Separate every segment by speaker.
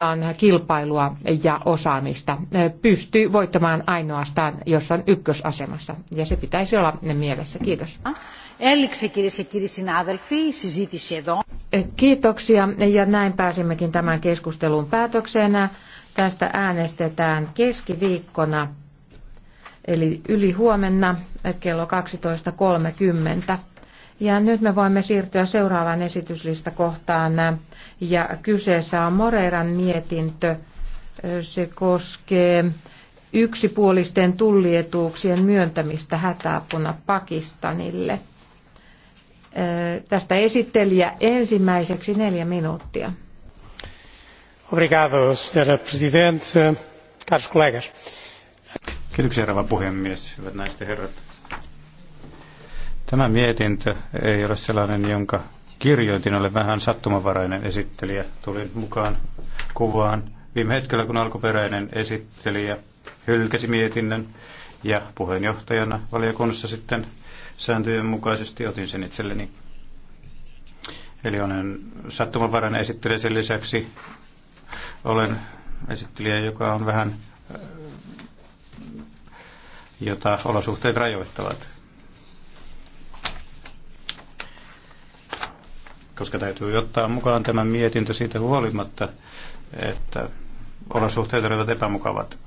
Speaker 1: on kilpailua ja osaamista pystyy voittamaan ainoastaan, jos on ykkösasemassa. Ja se pitäisi olla mielessä. Kiitos. Kiitoksia ja näin pääsimmekin tämän keskustelun päätökseen. Tästä äänestetään keskiviikkona eli ylihuomenna kello 12.30. Ja nyt me voimme siirtyä seuraavaan kohtaan Ja kyseessä on Moreiran mietintö. Se koskee yksipuolisten tullietuuksien myöntämistä hätäapuna Pakistanille. Tästä esittelijä ensimmäiseksi neljä minuuttia.
Speaker 2: Obrigado, herra presidente. Kiitoksia, herra puhemies. Hyvät naiset ja herrat. Tämä mietintö ei ole sellainen, jonka kirjoitin, olen vähän sattumavarainen esittelijä. Tulin mukaan kuvaan viime hetkellä, kun alkuperäinen esittelijä hylkäsi mietinnön ja puheenjohtajana valiokunnassa sitten sääntöjen mukaisesti otin sen itselleni. Eli olen sattumanvarainen esittelijä sen lisäksi. Olen esittelijä, joka on vähän, jota olosuhteet rajoittavat. koska täytyy ottaa mukaan tämä mietintö siitä huolimatta, että olosuhteet olivat epämukavat.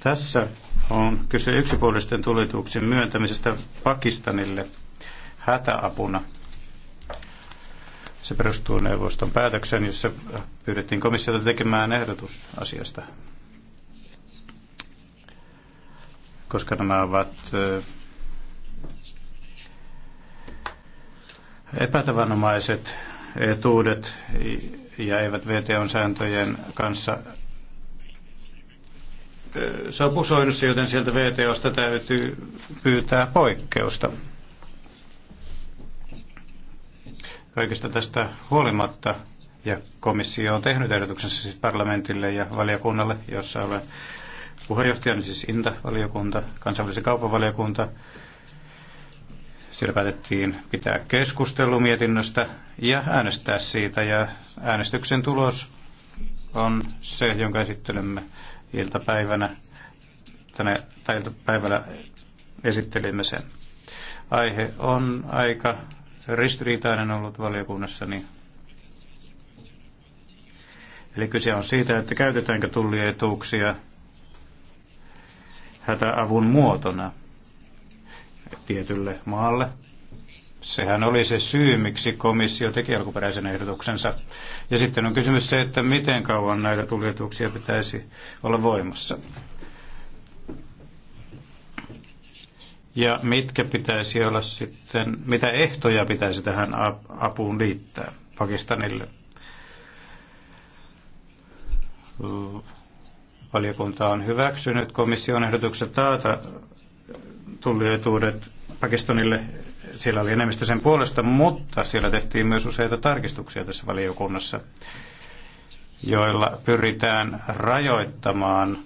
Speaker 2: Tässä on kyse yksipuolisten tulituksen myöntämisestä Pakistanille hätäapuna. Se perustuu neuvoston päätökseen, jossa pyydettiin komissiota tekemään ehdotus asiasta. Koska nämä ovat epätavanomaiset etuudet ja eivät VTOn sääntöjen kanssa eh, sopusoidussa, joten sieltä VTOsta täytyy pyytää poikkeusta. Kaikesta tästä huolimatta, ja komissio on tehnyt ehdotuksensa siis parlamentille ja valiokunnalle, jossa olen puheenjohtajana, siis INTA-valiokunta, kansainvälisen kaupan valiokunta, siellä päätettiin pitää keskustelu mietinnöstä ja äänestää siitä. Ja äänestyksen tulos on se, jonka esittelemme iltapäivänä. Tänä, tai iltapäivällä esittelimme sen. Aihe on aika ristiriitainen ollut valiokunnassani. Niin- Eli kyse on siitä, että käytetäänkö tullietuuksia hätäavun muotona – tietylle maalle. Sehän oli se syy, miksi komissio teki alkuperäisen ehdotuksensa. Ja sitten on kysymys se, että miten kauan näitä tuljetuksia pitäisi olla voimassa. Ja mitkä pitäisi olla sitten, mitä ehtoja pitäisi tähän apuun liittää Pakistanille? Valiokunta on hyväksynyt komission ehdotuksen taata tullietuudet Pakistanille. Siellä oli enemmistö sen puolesta, mutta siellä tehtiin myös useita tarkistuksia tässä valiokunnassa, joilla pyritään rajoittamaan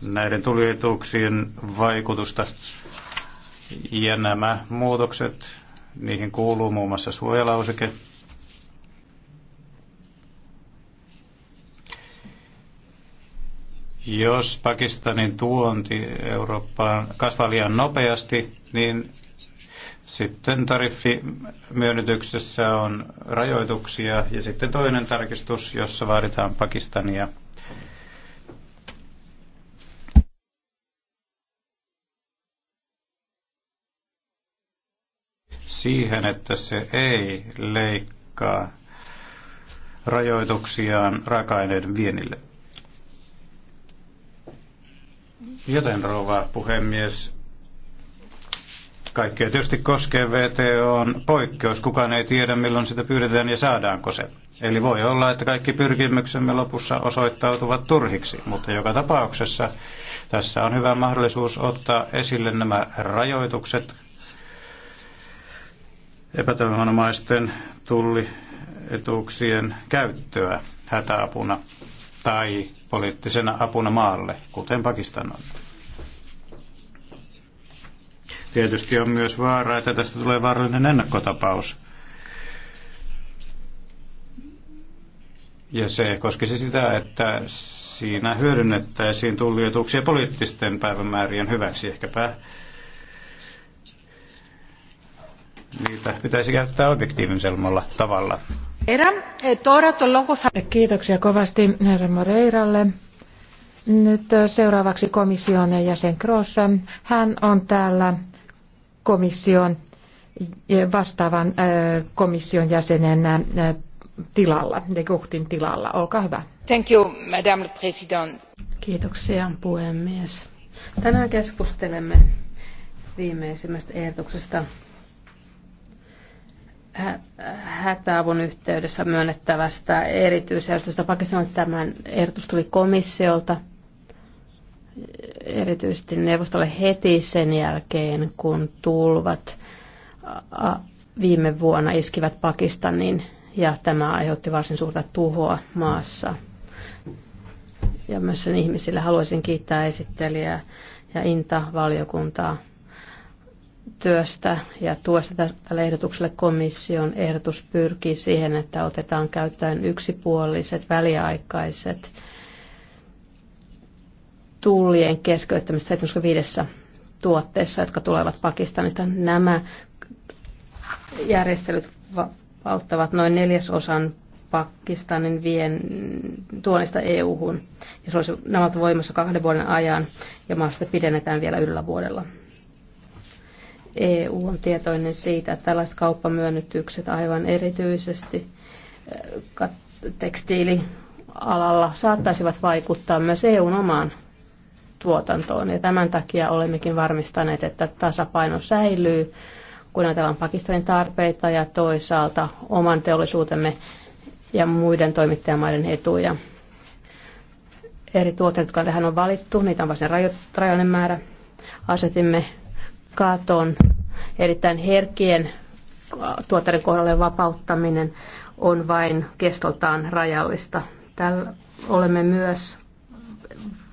Speaker 2: näiden tulietuuksien vaikutusta. Ja nämä muutokset, niihin kuuluu muun muassa suojalauseke, Jos Pakistanin tuonti Eurooppaan kasvaa liian nopeasti, niin sitten tariffimyönnytyksessä on rajoituksia ja sitten toinen tarkistus, jossa vaaditaan Pakistania siihen, että se ei leikkaa rajoituksiaan raaka-aineiden vienille. Joten rouva puhemies, kaikkea tietysti koskee on poikkeus. Kukaan ei tiedä, milloin sitä pyydetään ja saadaanko se. Eli voi olla, että kaikki pyrkimyksemme lopussa osoittautuvat turhiksi, mutta joka tapauksessa tässä on hyvä mahdollisuus ottaa esille nämä rajoitukset epätavanomaisten tullietuuksien käyttöä hätäapuna tai poliittisena apuna maalle, kuten Pakistan on. Tietysti on myös vaara, että tästä tulee vaarallinen ennakkotapaus. Ja se koskisi sitä, että siinä hyödynnettäisiin tullietuuksia poliittisten päivämäärien hyväksi. Ehkäpä niitä pitäisi käyttää objektiivisemmalla tavalla.
Speaker 1: Kiitoksia kovasti herra Moreiralle. Nyt seuraavaksi komission jäsen Gross. Hän on täällä komission vastaavan komission jäsenen tilalla, de Guchtin tilalla. Olkaa hyvä.
Speaker 3: Thank you, Madame President. Kiitoksia, puhemies. Tänään keskustelemme viimeisimmästä ehdotuksesta hätäavun yhteydessä myönnettävästä erityisjärjestöstä. Pakistan tämän ehdotus tuli komissiolta erityisesti neuvostolle heti sen jälkeen, kun tulvat viime vuonna iskivät Pakistanin ja tämä aiheutti varsin suurta tuhoa maassa. Ja myös sen ihmisille haluaisin kiittää esittelijää ja Inta-valiokuntaa työstä ja tuosta tälle ehdotukselle komission ehdotus pyrkii siihen, että otetaan käyttöön yksipuoliset väliaikaiset tullien keskeyttämistä 75 tuotteessa, jotka tulevat Pakistanista. Nämä järjestelyt auttavat noin neljäsosan Pakistanin vien tuonnista EU-hun. Ja se olisi, nämä ovat voimassa kahden vuoden ajan ja maasta pidennetään vielä yhdellä vuodella. EU on tietoinen siitä, että tällaiset kauppamyönnytykset aivan erityisesti eh, tekstiilialalla saattaisivat vaikuttaa myös EUn omaan tuotantoon. Ja tämän takia olemmekin varmistaneet, että tasapaino säilyy, kun ajatellaan Pakistanin tarpeita ja toisaalta oman teollisuutemme ja muiden toimittajamaiden etuja. Eri tuotteet, jotka tähän on valittu, niitä on varsin rajoinen määrä. Asetimme katon erittäin herkkien äh, tuotteiden kohdalle vapauttaminen on vain kestoltaan rajallista. Tällä olemme myös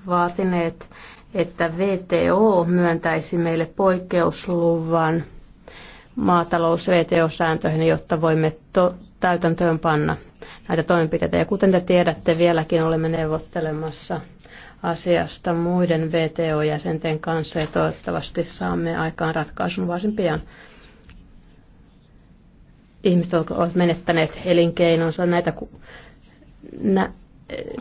Speaker 3: vaatineet, että VTO myöntäisi meille poikkeusluvan maatalous-VTO-sääntöihin, jotta voimme to- täytäntöön panna näitä toimenpiteitä. Ja kuten te tiedätte, vieläkin olemme neuvottelemassa – asiasta muiden VTO-jäsenten kanssa ja toivottavasti saamme aikaan ratkaisun varsin pian. Ihmiset ovat menettäneet elinkeinonsa näitä, nä,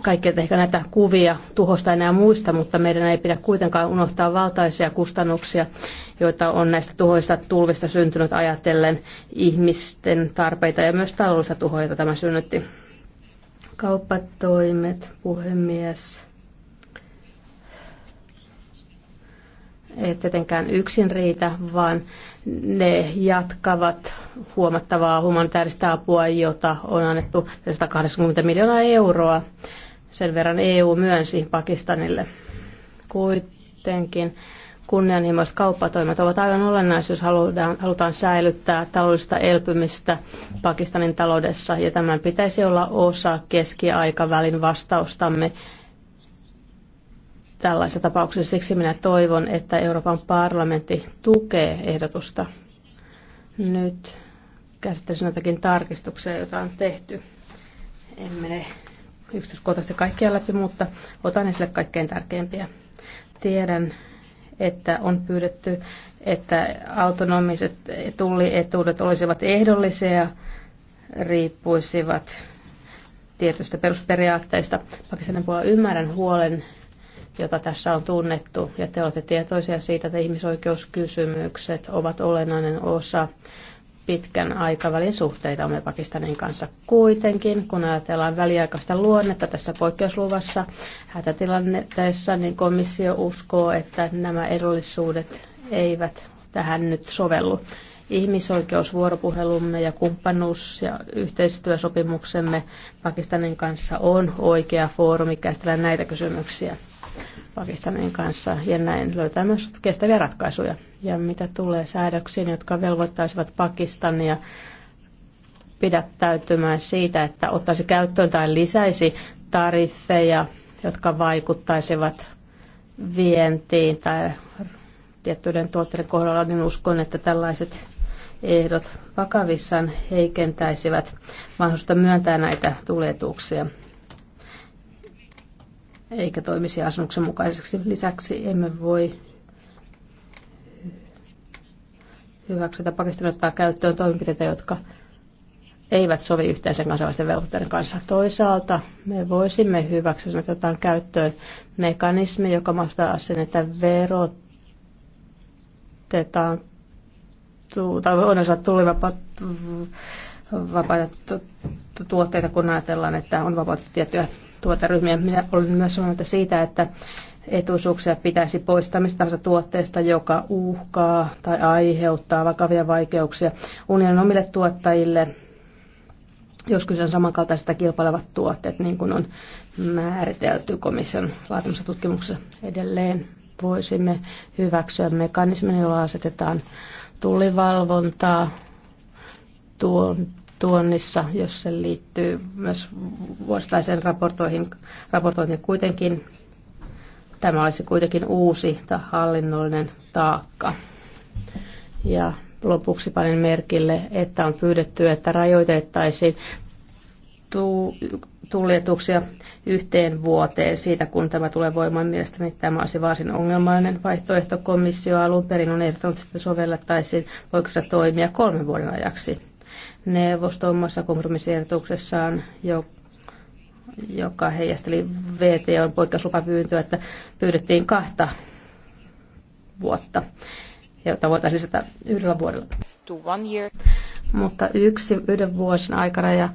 Speaker 3: kaikki ehkä näitä kuvia tuhosta enää muista, mutta meidän ei pidä kuitenkaan unohtaa valtaisia kustannuksia, joita on näistä tuhoista tulvista syntynyt ajatellen ihmisten tarpeita ja myös taloudellista joita tämä synnytti. Kauppatoimet, puhemies tietenkään yksin riitä, vaan ne jatkavat huomattavaa humanitaarista apua, jota on annettu 180 miljoonaa euroa. Sen verran EU myönsi Pakistanille. Kuitenkin kunnianhimoiset kauppatoimet ovat aivan olennaisia, jos halutaan, halutaan säilyttää taloudellista elpymistä Pakistanin taloudessa, ja tämän pitäisi olla osa keskiaikavälin vastaustamme tällaisessa tapauksessa. Siksi minä toivon, että Euroopan parlamentti tukee ehdotusta. Nyt käsittelisin jotakin tarkistuksia, joita on tehty. En mene yksityiskohtaisesti kaikkia läpi, mutta otan esille kaikkein tärkeimpiä. Tiedän, että on pyydetty, että autonomiset tullietuudet olisivat ehdollisia, riippuisivat tietystä perusperiaatteista. Pakistanin puolella ymmärrän huolen jota tässä on tunnettu. Ja te olette tietoisia siitä, että ihmisoikeuskysymykset ovat olennainen osa pitkän aikavälin suhteita me Pakistanin kanssa. Kuitenkin, kun ajatellaan väliaikaista luonnetta tässä poikkeusluvassa hätätilanteessa, niin komissio uskoo, että nämä edullisuudet eivät tähän nyt sovellu. Ihmisoikeusvuoropuhelumme ja kumppanuus- ja yhteistyösopimuksemme Pakistanin kanssa on oikea foorumi käsitellä näitä kysymyksiä. Pakistanin kanssa ja näin löytää myös kestäviä ratkaisuja. Ja mitä tulee säädöksiin, jotka velvoittaisivat Pakistania pidättäytymään siitä, että ottaisi käyttöön tai lisäisi tariffeja, jotka vaikuttaisivat vientiin tai tiettyjen tuotteiden kohdalla, niin uskon, että tällaiset ehdot vakavissaan heikentäisivät mahdollisuutta myöntää näitä tuletuksia eikä toimisi asennuksen mukaiseksi. Lisäksi emme voi hyväksytä Pakistan ottaa käyttöön toimenpiteitä, jotka eivät sovi yhteisen kansainvälisten velvoitteiden kanssa. Toisaalta me voisimme hyväksyä, että otetaan käyttöön mekanismi, joka mahdollistaa sen, että verotetaan tai on osa tullivapaita tuotteita, kun ajatellaan, että on vapautettu tiettyjä tuota ryhmiä. Minä olen myös sanonut siitä, että etuisuuksia pitäisi poistaa mistä tuotteesta, joka uhkaa tai aiheuttaa vakavia vaikeuksia unionin omille tuottajille, jos kyse on samankaltaisista kilpailevat tuotteet, niin kuin on määritelty komission laatimassa tutkimuksessa edelleen. Voisimme hyväksyä mekanismin, jolla asetetaan tullivalvontaa tuon tuonnissa, jos se liittyy myös vuosittaisen raportoihin, raportointiin kuitenkin. Tämä olisi kuitenkin uusi tai hallinnollinen taakka. Ja lopuksi panen merkille, että on pyydetty, että rajoitettaisiin tuljetuksia yhteen vuoteen siitä, kun tämä tulee voimaan. Mielestäni tämä olisi varsin ongelmainen vaihtoehto. Komissio alun perin on ehdottanut, että sovellettaisiin se toimia kolmen vuoden ajaksi. Neuvosto omassa kompromissiehdotuksessaan, jo, joka heijasteli VTOn poikkeuslupapyyntöä, että pyydettiin kahta vuotta, jotta voitaisiin lisätä yhdellä vuodella. Mutta yksi yhden vuosin aikana ja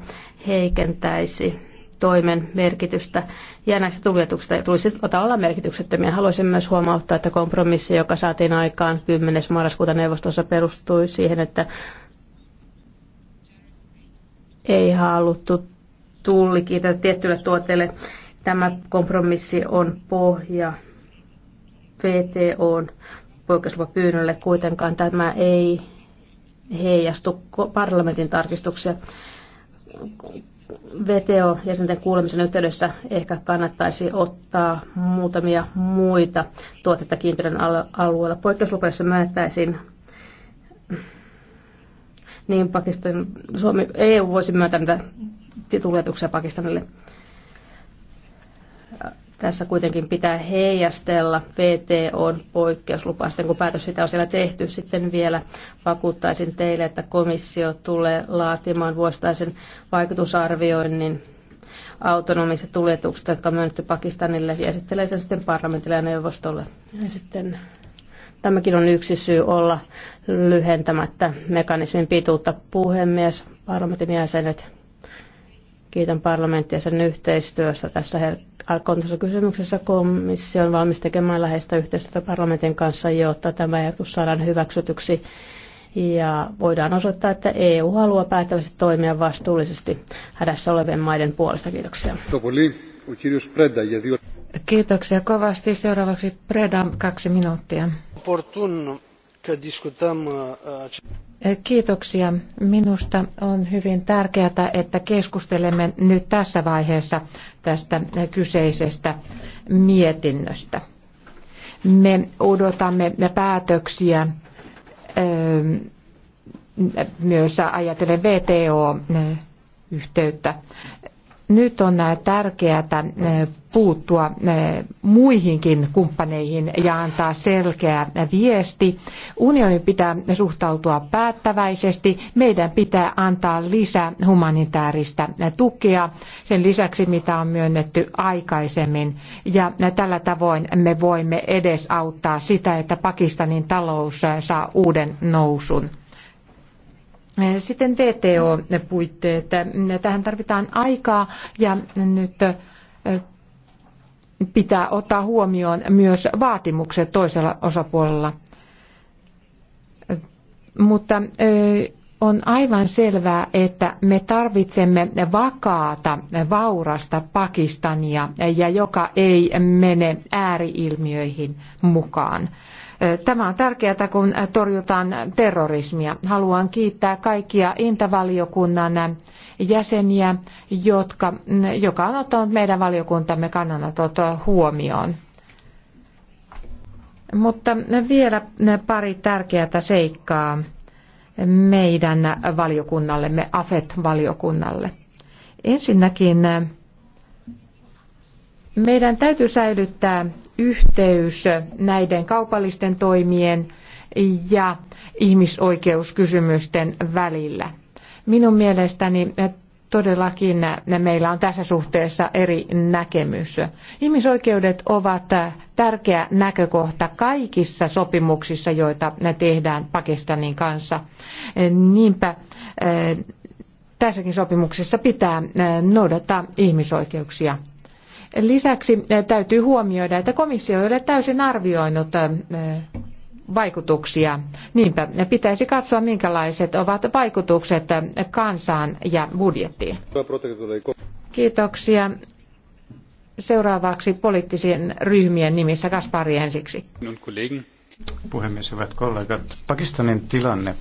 Speaker 3: heikentäisi toimen merkitystä ja näistä tuljetuksista tulisi olla merkityksettömiä. Haluaisin myös huomauttaa, että kompromissi, joka saatiin aikaan 10. marraskuuta neuvostossa perustui siihen, että ei haluttu tullikin tiettyille tuotteille. Tämä kompromissi on pohja VTOn poikkeuslupapyynnölle. Kuitenkaan tämä ei heijastu parlamentin tarkistuksia. VTO-jäsenten kuulemisen yhteydessä ehkä kannattaisi ottaa muutamia muita tuotetta kiintiön alueella. jossa myönnettäisiin niin Pakistan, Suomi, EU voisi myöntää näitä tuletuksia Pakistanille. Tässä kuitenkin pitää heijastella VTOn poikkeuslupaa sitten, kun päätös sitä on siellä tehty. Sitten vielä vakuuttaisin teille, että komissio tulee laatimaan vuostaisen vaikutusarvioinnin autonomisista tuljetuksista, jotka on myönnetty Pakistanille ja esittelee sen sitten parlamentille ja neuvostolle. Ja sitten Tämäkin on yksi syy olla lyhentämättä mekanismin pituutta. Puhemies, parlamentin jäsenet, kiitän parlamenttia sen yhteistyössä tässä alkoontaisessa kysymyksessä. Komissio on valmis tekemään läheistä yhteistyötä parlamentin kanssa, jotta tämä ehdotus saadaan hyväksytyksi. Ja voidaan osoittaa, että EU haluaa päättävästi toimia vastuullisesti hädässä olevien maiden puolesta. Kiitoksia. Kiitoksia kovasti. Seuraavaksi Preda, kaksi minuuttia.
Speaker 4: Uh,
Speaker 1: e, kiitoksia. Minusta on hyvin tärkeää, että keskustelemme nyt tässä vaiheessa tästä e, kyseisestä mietinnöstä. Me odotamme päätöksiä e, myös ajatellen VTO-yhteyttä. Nyt on äh, tärkeää äh, puuttua äh, muihinkin kumppaneihin ja antaa selkeä viesti. Unionin pitää suhtautua päättäväisesti. Meidän pitää antaa lisää humanitaarista tukea sen lisäksi, mitä on myönnetty aikaisemmin. Ja tällä tavoin me voimme edesauttaa sitä, että Pakistanin talous saa uuden nousun. Sitten VTO-puitteet. Tähän tarvitaan aikaa ja nyt pitää ottaa huomioon myös vaatimukset toisella osapuolella. Mutta on aivan selvää, että me tarvitsemme vakaata, vaurasta Pakistania ja joka ei mene ääriilmiöihin mukaan. Tämä on tärkeää, kun torjutaan terrorismia. Haluan kiittää kaikkia Intavaliokunnan jäseniä, jotka, joka on ottanut meidän valiokuntamme kannanotot huomioon. Mutta vielä pari tärkeää seikkaa meidän valiokunnallemme, AFET-valiokunnalle. Ensinnäkin meidän täytyy säilyttää yhteys näiden kaupallisten toimien ja ihmisoikeuskysymysten välillä. Minun mielestäni todellakin meillä on tässä suhteessa eri näkemys. Ihmisoikeudet ovat tärkeä näkökohta kaikissa sopimuksissa, joita tehdään Pakistanin kanssa. Niinpä eh, tässäkin sopimuksessa pitää eh, noudattaa ihmisoikeuksia. Lisäksi eh, täytyy huomioida, että komissio ei ole täysin arvioinut eh, vaikutuksia. Niinpä pitäisi katsoa, minkälaiset ovat vaikutukset eh, kansaan ja budjettiin. Kiitoksia. Seuraavaksi poliittisien ryhmien nimissä Kaspari ensiksi.
Speaker 4: Puhemies,
Speaker 2: hyvät kollegat. Pakistanin tilanne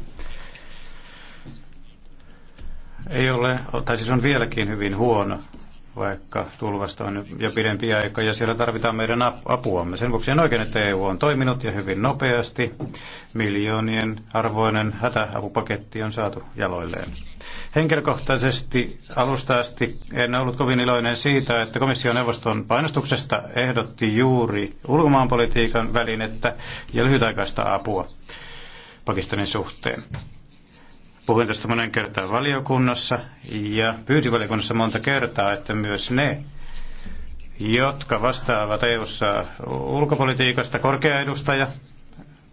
Speaker 2: ei ole, tai siis on vieläkin hyvin huono vaikka tulvasta on jo pidempi aika, ja siellä tarvitaan meidän apuamme. Sen vuoksi on oikein, että EU on toiminut ja hyvin nopeasti. Miljoonien arvoinen hätäapupaketti on saatu jaloilleen. Henkilökohtaisesti alusta asti en ollut kovin iloinen siitä, että komission neuvoston painostuksesta ehdotti juuri ulkomaanpolitiikan välinettä ja lyhytaikaista apua Pakistanin suhteen. Puhuin tästä monen kertaa valiokunnassa ja pyysin valiokunnassa monta kertaa, että myös ne, jotka vastaavat EU-ssa ulkopolitiikasta, korkea edustaja,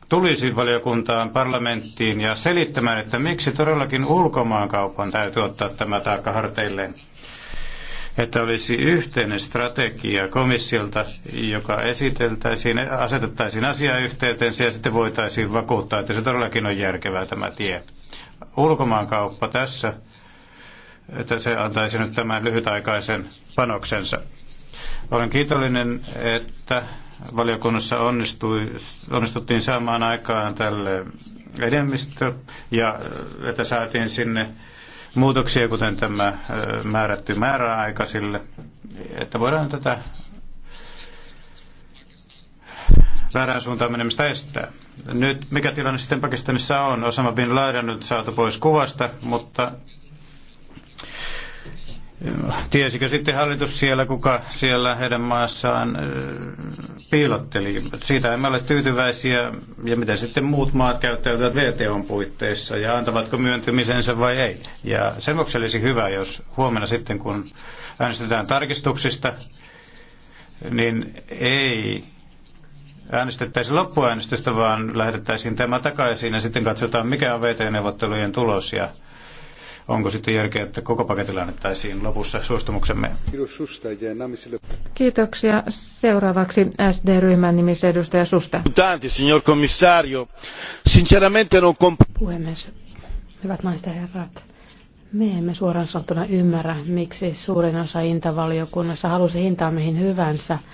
Speaker 2: tulisi valiokuntaan, parlamenttiin ja selittämään, että miksi todellakin ulkomaankaupan täytyy ottaa tämä taakka harteilleen. Että olisi yhteinen strategia komissiolta, joka esiteltäisiin, asetettaisiin asiayhteyteen ja sitten voitaisiin vakuuttaa, että se todellakin on järkevää tämä tie. Ulkomaankauppa tässä, että se antaisi nyt tämän lyhytaikaisen panoksensa. Olen kiitollinen, että valiokunnassa onnistui, onnistuttiin saamaan aikaan tälle enemmistö ja äh, että saatiin sinne muutoksia, kuten tämä äh, määrätty määräaika sille, että voidaan tätä väärään suuntaan menemistä estää. Nyt mikä tilanne sitten Pakistanissa on? Osama Bin Laden nyt saatu pois kuvasta, mutta äh, tiesikö sitten hallitus siellä, kuka siellä heidän maassaan äh, piilotteli? Siitä emme ole tyytyväisiä. Ja miten sitten muut maat käyttäytyvät VTOn puitteissa ja antavatko myöntymisensä vai ei? Ja sen vuoksi olisi hyvä, jos huomenna sitten, kun äänestetään tarkistuksista, niin ei äänestettäisiin loppuäänestystä, vaan lähetettäisiin tämä takaisin ja sitten katsotaan, mikä on VT-neuvottelujen tulos ja onko sitten järkeä, että koko paketilla annettaisiin lopussa suostumuksemme.
Speaker 4: Kiitoksia.
Speaker 1: Seuraavaksi SD-ryhmän nimissä edustaja Susta.
Speaker 2: signor commissario.
Speaker 4: Sinceramente non comp-
Speaker 3: Puhemies, hyvät naiset ja herrat. Me emme suoraan sanottuna ymmärrä, miksi suurin osa intavaliokunnassa halusi hintaa mihin hyvänsä –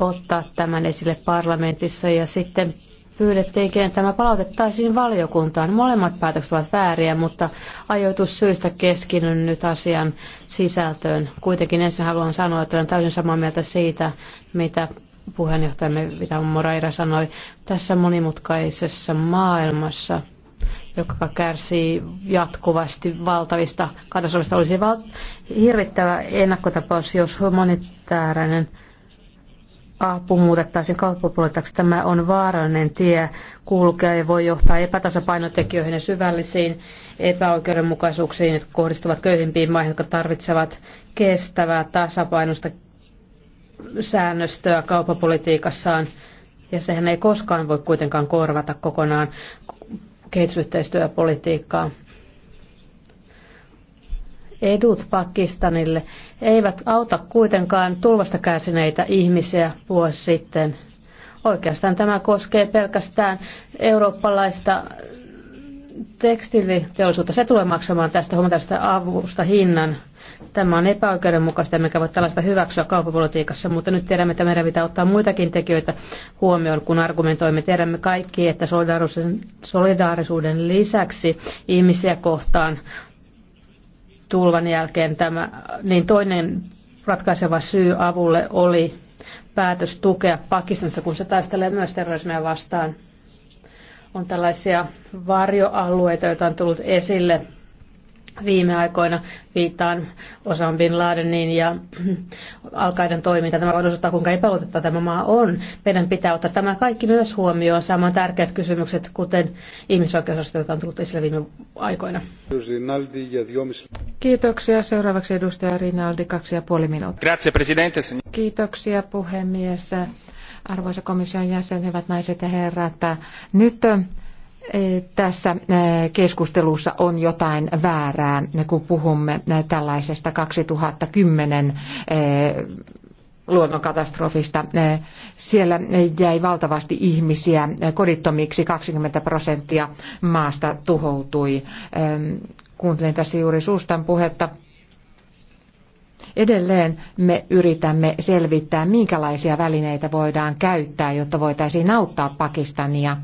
Speaker 3: ottaa tämän esille parlamentissa ja sitten pyydettiinkin tämä palautettaisiin valiokuntaan. Molemmat päätökset ovat vääriä, mutta ajoitus syystä keskityn nyt asian sisältöön. Kuitenkin ensin haluan sanoa, että olen täysin samaa mieltä siitä, mitä puheenjohtajamme Vita Moraira sanoi. Tässä monimutkaisessa maailmassa joka kärsii jatkuvasti valtavista katastrofista, olisi val- hirvittävä ennakkotapaus, jos humanitaarinen apu muutettaisiin kauppapolitiikaksi. Tämä on vaarallinen tie kulkea ja voi johtaa epätasapainotekijöihin ja syvällisiin epäoikeudenmukaisuuksiin, jotka kohdistuvat köyhimpiin maihin, jotka tarvitsevat kestävää tasapainosta säännöstöä kauppapolitiikassaan. Ja sehän ei koskaan voi kuitenkaan korvata kokonaan kehitysyhteistyöpolitiikkaa edut Pakistanille eivät auta kuitenkaan tulvasta kärsineitä ihmisiä vuosi sitten. Oikeastaan tämä koskee pelkästään eurooppalaista tekstiiliteollisuutta. Se tulee maksamaan tästä huomattavasta avusta hinnan. Tämä on epäoikeudenmukaista, me voi tällaista hyväksyä kaupapolitiikassa, mutta nyt tiedämme, että meidän pitää ottaa muitakin tekijöitä huomioon, kun argumentoimme. Tiedämme kaikki, että solidaarisuuden, solidaarisuuden lisäksi ihmisiä kohtaan tulvan jälkeen tämä, niin toinen ratkaiseva syy avulle oli päätös tukea Pakistanissa, kun se taistelee myös terrorismia vastaan. On tällaisia varjoalueita, joita on tullut esille viime aikoina. Viittaan Osan Bin Ladenin ja alkaiden toiminta. Tämä osoittaa, kuinka epäluotetta tämä maa on. Meidän pitää ottaa tämä kaikki myös huomioon, saamaan tärkeät kysymykset, kuten ihmisoikeusasiat, jotka on tullut esille viime aikoina. Kiitoksia. Seuraavaksi edustaja Rinaldi, kaksi ja puoli minuuttia.
Speaker 4: Grazie, presidente.
Speaker 1: Kiitoksia, puhemies. Arvoisa komission jäsen, hyvät naiset ja herrat, nyt tässä keskustelussa on jotain väärää, kun puhumme tällaisesta 2010 luonnonkatastrofista. Siellä jäi valtavasti ihmisiä kodittomiksi, 20 prosenttia maasta tuhoutui. Kuuntelin tässä juuri suustan puhetta. Edelleen me yritämme selvittää, minkälaisia välineitä voidaan käyttää, jotta voitaisiin auttaa Pakistania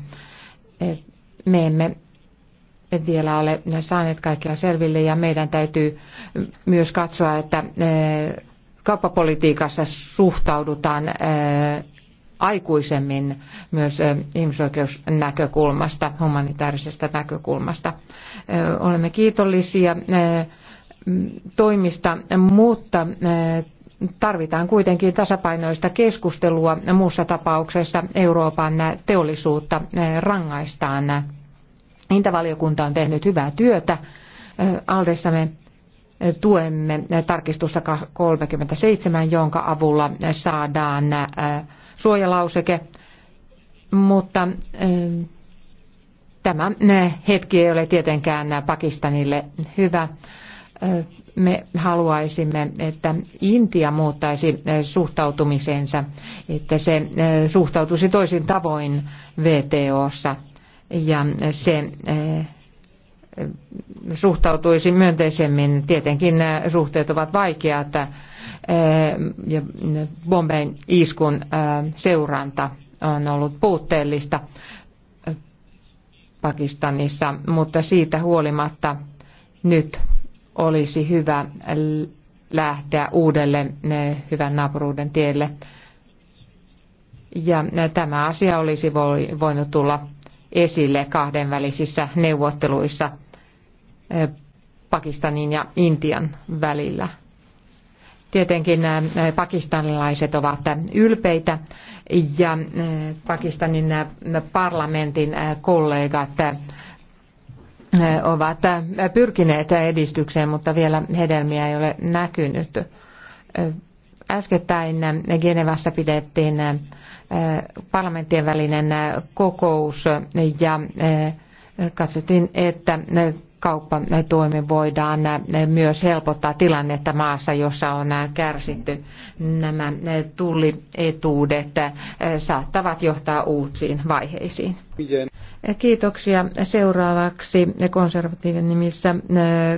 Speaker 1: me emme vielä ole saaneet kaikkea selville ja meidän täytyy myös katsoa, että eh, kauppapolitiikassa suhtaudutaan eh, aikuisemmin myös eh, ihmisoikeusnäkökulmasta, humanitaarisesta näkökulmasta. Olemme kiitollisia toimista, mutta tarvitaan kuitenkin tasapainoista keskustelua. Muussa tapauksessa Euroopan teollisuutta rangaistaan valiokunta on tehnyt hyvää työtä. Aldessa me tuemme tarkistusta 37, jonka avulla saadaan suojalauseke, mutta tämä hetki ei ole tietenkään Pakistanille hyvä. Me haluaisimme, että Intia muuttaisi suhtautumisensa, että se suhtautuisi toisin tavoin VTOssa – ja se eh, suhtautuisi myönteisemmin. Tietenkin eh, suhteet ovat vaikeat eh, ja bombein iskun seuranta on ollut puutteellista Pakistanissa, mutta siitä huolimatta nyt olisi hyvä lähteä uudelle hyvän naapuruuden tielle. Ja tämä asia olisi voinut tulla esille kahdenvälisissä neuvotteluissa Pakistanin ja Intian välillä. Tietenkin pakistanilaiset ovat ylpeitä ja Pakistanin parlamentin kollegat ovat pyrkineet edistykseen, mutta vielä hedelmiä ei ole näkynyt. Äskettäin Genevassa pidettiin äh, parlamenttien välinen äh, kokous ja äh, katsottiin, että kauppatoimi voidaan myös helpottaa tilannetta maassa, jossa on kärsitty nämä tullietuudet, saattavat johtaa uusiin vaiheisiin. Kiitoksia. Seuraavaksi konservatiivinen nimissä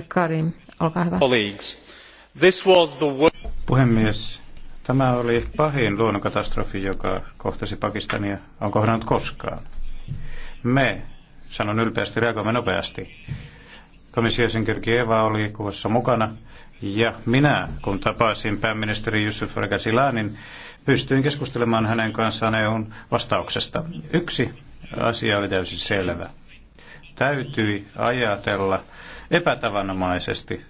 Speaker 1: Karim,
Speaker 4: olkaa hyvä.
Speaker 2: Colleagues. This was the Puhemies, tämä oli pahin luonnonkatastrofi, joka kohtasi Pakistania on kohdannut koskaan. Me, sanon ylpeästi, reagoimme nopeasti. Komissiosin Kyrkieva oli kuvassa mukana ja minä, kun tapasin pääministeri Yusuf Ragasilanin, pystyin keskustelemaan hänen kanssaan EUn vastauksesta. Yksi asia oli täysin selvä. Täytyi ajatella epätavanomaisesti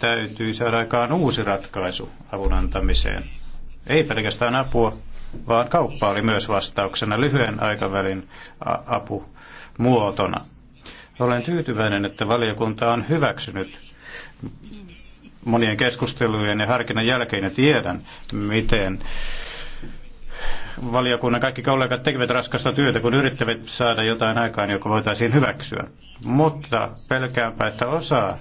Speaker 2: täytyy saada aikaan uusi ratkaisu avun antamiseen. Ei pelkästään apua, vaan kauppa oli myös vastauksena lyhyen aikavälin apu muotona. Olen tyytyväinen, että valiokunta on hyväksynyt monien keskustelujen ja harkinnan jälkeen ja tiedän, miten valiokunnan kaikki kollegat tekevät raskasta työtä, kun yrittävät saada jotain aikaan, joka voitaisiin hyväksyä. Mutta pelkäänpä, että osa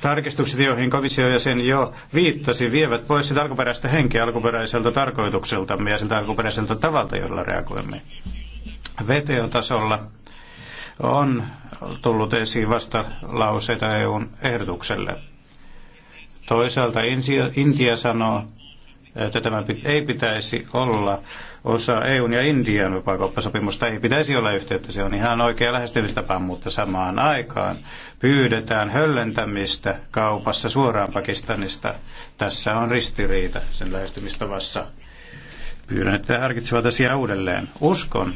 Speaker 2: tarkistukset, joihin komissio ja sen jo viittasi, vievät pois sitä alkuperäistä henkeä alkuperäiseltä tarkoitukseltamme ja siltä alkuperäiseltä tavalta, jolla reagoimme. VTO-tasolla on tullut esiin vasta lauseita EUn ehdotukselle. Toisaalta Intia sanoo, että tämä ei pitäisi olla osa EUn ja Indian vapaakauppasopimusta. Ei pitäisi olla yhteyttä, se on ihan oikea lähestymistapa, mutta samaan aikaan pyydetään höllentämistä kaupassa suoraan Pakistanista. Tässä on ristiriita sen lähestymistavassa. Pyydän, että harkitsevat asiaa uudelleen. Uskon,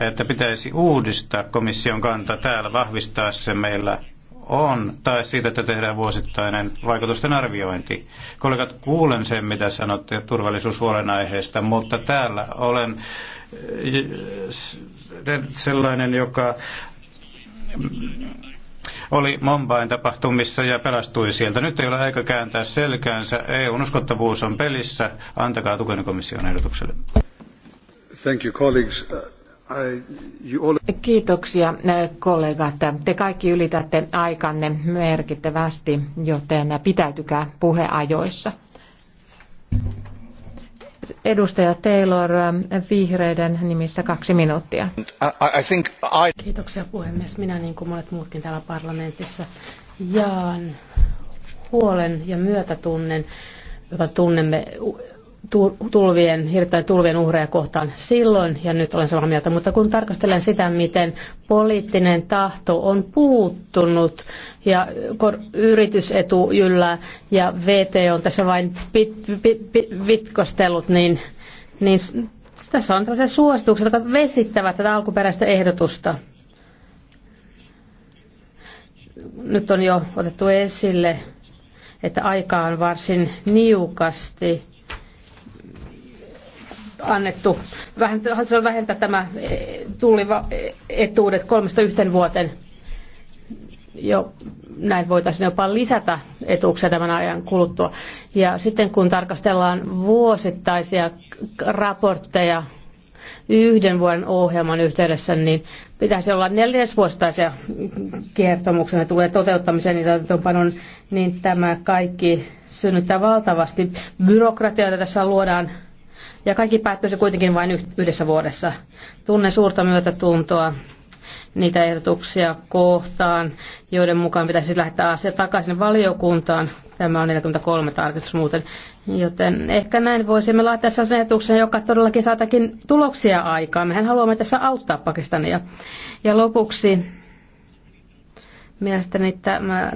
Speaker 2: että pitäisi uudistaa komission kanta täällä, vahvistaa se meillä on, tai siitä, että tehdään vuosittainen vaikutusten arviointi. Kollegat, kuulen sen, mitä sanotte aiheesta, mutta täällä olen eh, eh, sellainen, joka oli Mombain tapahtumissa ja pelastui sieltä. Nyt ei ole aika kääntää selkäänsä. EUn uskottavuus on pelissä. Antakaa tukeni komission ehdotukselle.
Speaker 4: Thank you, colleagues.
Speaker 1: Kiitoksia eh, kollegat. Te kaikki ylitätte aikanne merkittävästi, joten pitäytykää puheajoissa. Edustaja Taylor eh, vihreiden nimissä kaksi minuuttia.
Speaker 3: Kiitoksia puhemies. Minä niin kuin monet muutkin täällä parlamentissa jaan huolen ja myötätunnen, jota tunnemme tulvien, hirveän tulvien uhreja kohtaan silloin, ja nyt olen samaa mieltä, mutta kun tarkastelen sitä, miten poliittinen tahto on puuttunut, ja yritysetu yllä, ja VT on tässä vain pit, pit, pit, vitkostellut, niin, niin tässä on tällaisia suosituksia, jotka vesittävät tätä alkuperäistä ehdotusta. Nyt on jo otettu esille, että aika on varsin niukasti annettu. Hallitus on vähentää tämä eh, tullietuudet eh, kolmesta yhteen vuoteen. Jo, näin voitaisiin jopa lisätä etuuksia tämän ajan kuluttua. Ja sitten kun tarkastellaan vuosittaisia raportteja yhden vuoden ohjelman yhteydessä, niin pitäisi olla neljäsvuosittaisia kertomuksia, ne tulee toteuttamiseen niitä on, niin tämä kaikki synnyttää valtavasti byrokratiaa, tässä luodaan ja kaikki päättyisi kuitenkin vain yhdessä vuodessa. tunne suurta myötätuntoa niitä ehdotuksia kohtaan, joiden mukaan pitäisi siis lähettää asia takaisin valiokuntaan. Tämä on 43 tarkistus muuten. Joten ehkä näin voisimme laittaa sellaisen ehdotuksen, joka todellakin saatakin tuloksia aikaan. Mehän haluamme tässä auttaa Pakistania. Ja lopuksi Mielestäni tämä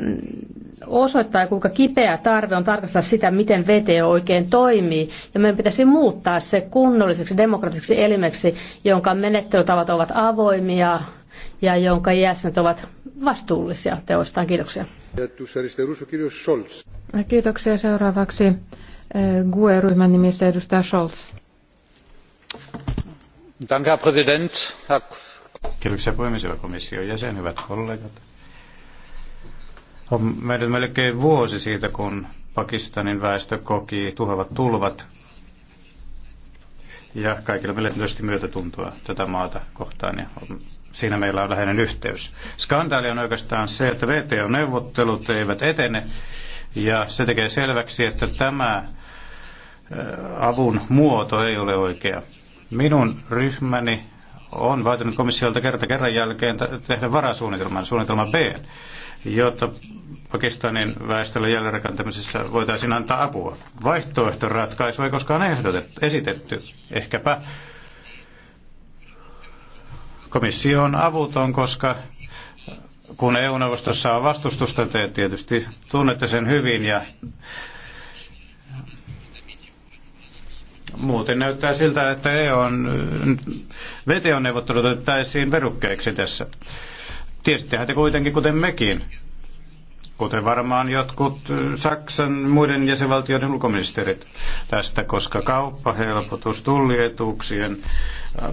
Speaker 3: osoittaa, kuinka kipeä tarve on tarkastella sitä, miten VTO oikein toimii. Ja meidän pitäisi muuttaa se kunnolliseksi demokraattiseksi elimeksi, jonka menettelytavat ovat avoimia ja jonka jäsenet ovat vastuullisia teostaan. Kiitoksia. Kiitoksia seuraavaksi. Eh,
Speaker 1: GUE-ryhmän nimissä edustaja Scholz.
Speaker 4: Danke,
Speaker 2: Kiitoksia puhemies, ja komission jäsen, hyvät kollegat. On meidän melkein vuosi siitä, kun Pakistanin väestö koki tuhoavat tulvat. Ja kaikilla meillä tietysti myötätuntoa tätä maata kohtaan ja siinä meillä on läheinen yhteys. Skandaali on oikeastaan se, että VTO-neuvottelut eivät etene ja se tekee selväksi, että tämä avun muoto ei ole oikea. Minun ryhmäni on vaatinut komissiolta kerta kerran jälkeen tehdä varasuunnitelman, suunnitelma B, jotta Pakistanin väestölle jälleenrakentamisessa voitaisiin antaa apua. Vaihtoehtoratkaisu ei koskaan ehdotettu, esitetty. Ehkäpä komissio on avuton, koska kun EU-neuvostossa on vastustusta, te tietysti tunnette sen hyvin ja muuten näyttää siltä, että EU on, VTO-neuvottelut otettaisiin verukkeeksi tässä. Tiesittehän te kuitenkin, kuten mekin, kuten varmaan jotkut Saksan muiden jäsenvaltioiden ulkoministerit tästä, koska kauppahelpotus, tullietuuksien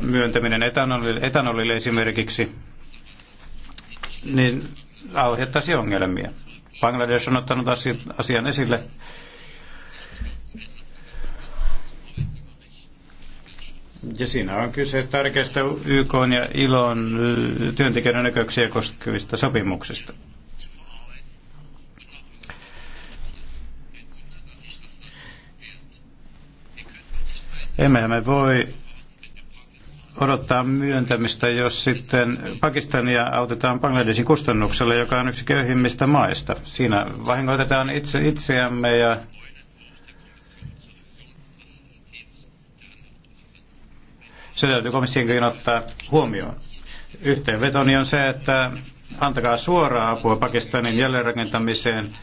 Speaker 2: myöntäminen etanolille, etanolille esimerkiksi, niin aiheuttaisi ongelmia. Bangladesh on ottanut asian esille Ja siinä on kyse tärkeistä YK ja ILON työntekijöiden näköksiä koskevista sopimuksista. Emme me voi odottaa myöntämistä, jos sitten Pakistania autetaan Bangladesin kustannuksella, joka on yksi köyhimmistä maista. Siinä vahingoitetaan itse itseämme ja Se täytyy komissiinkin ottaa huomioon. Yhteenvetoni on se, että antakaa suoraa apua Pakistanin jälleenrakentamiseen.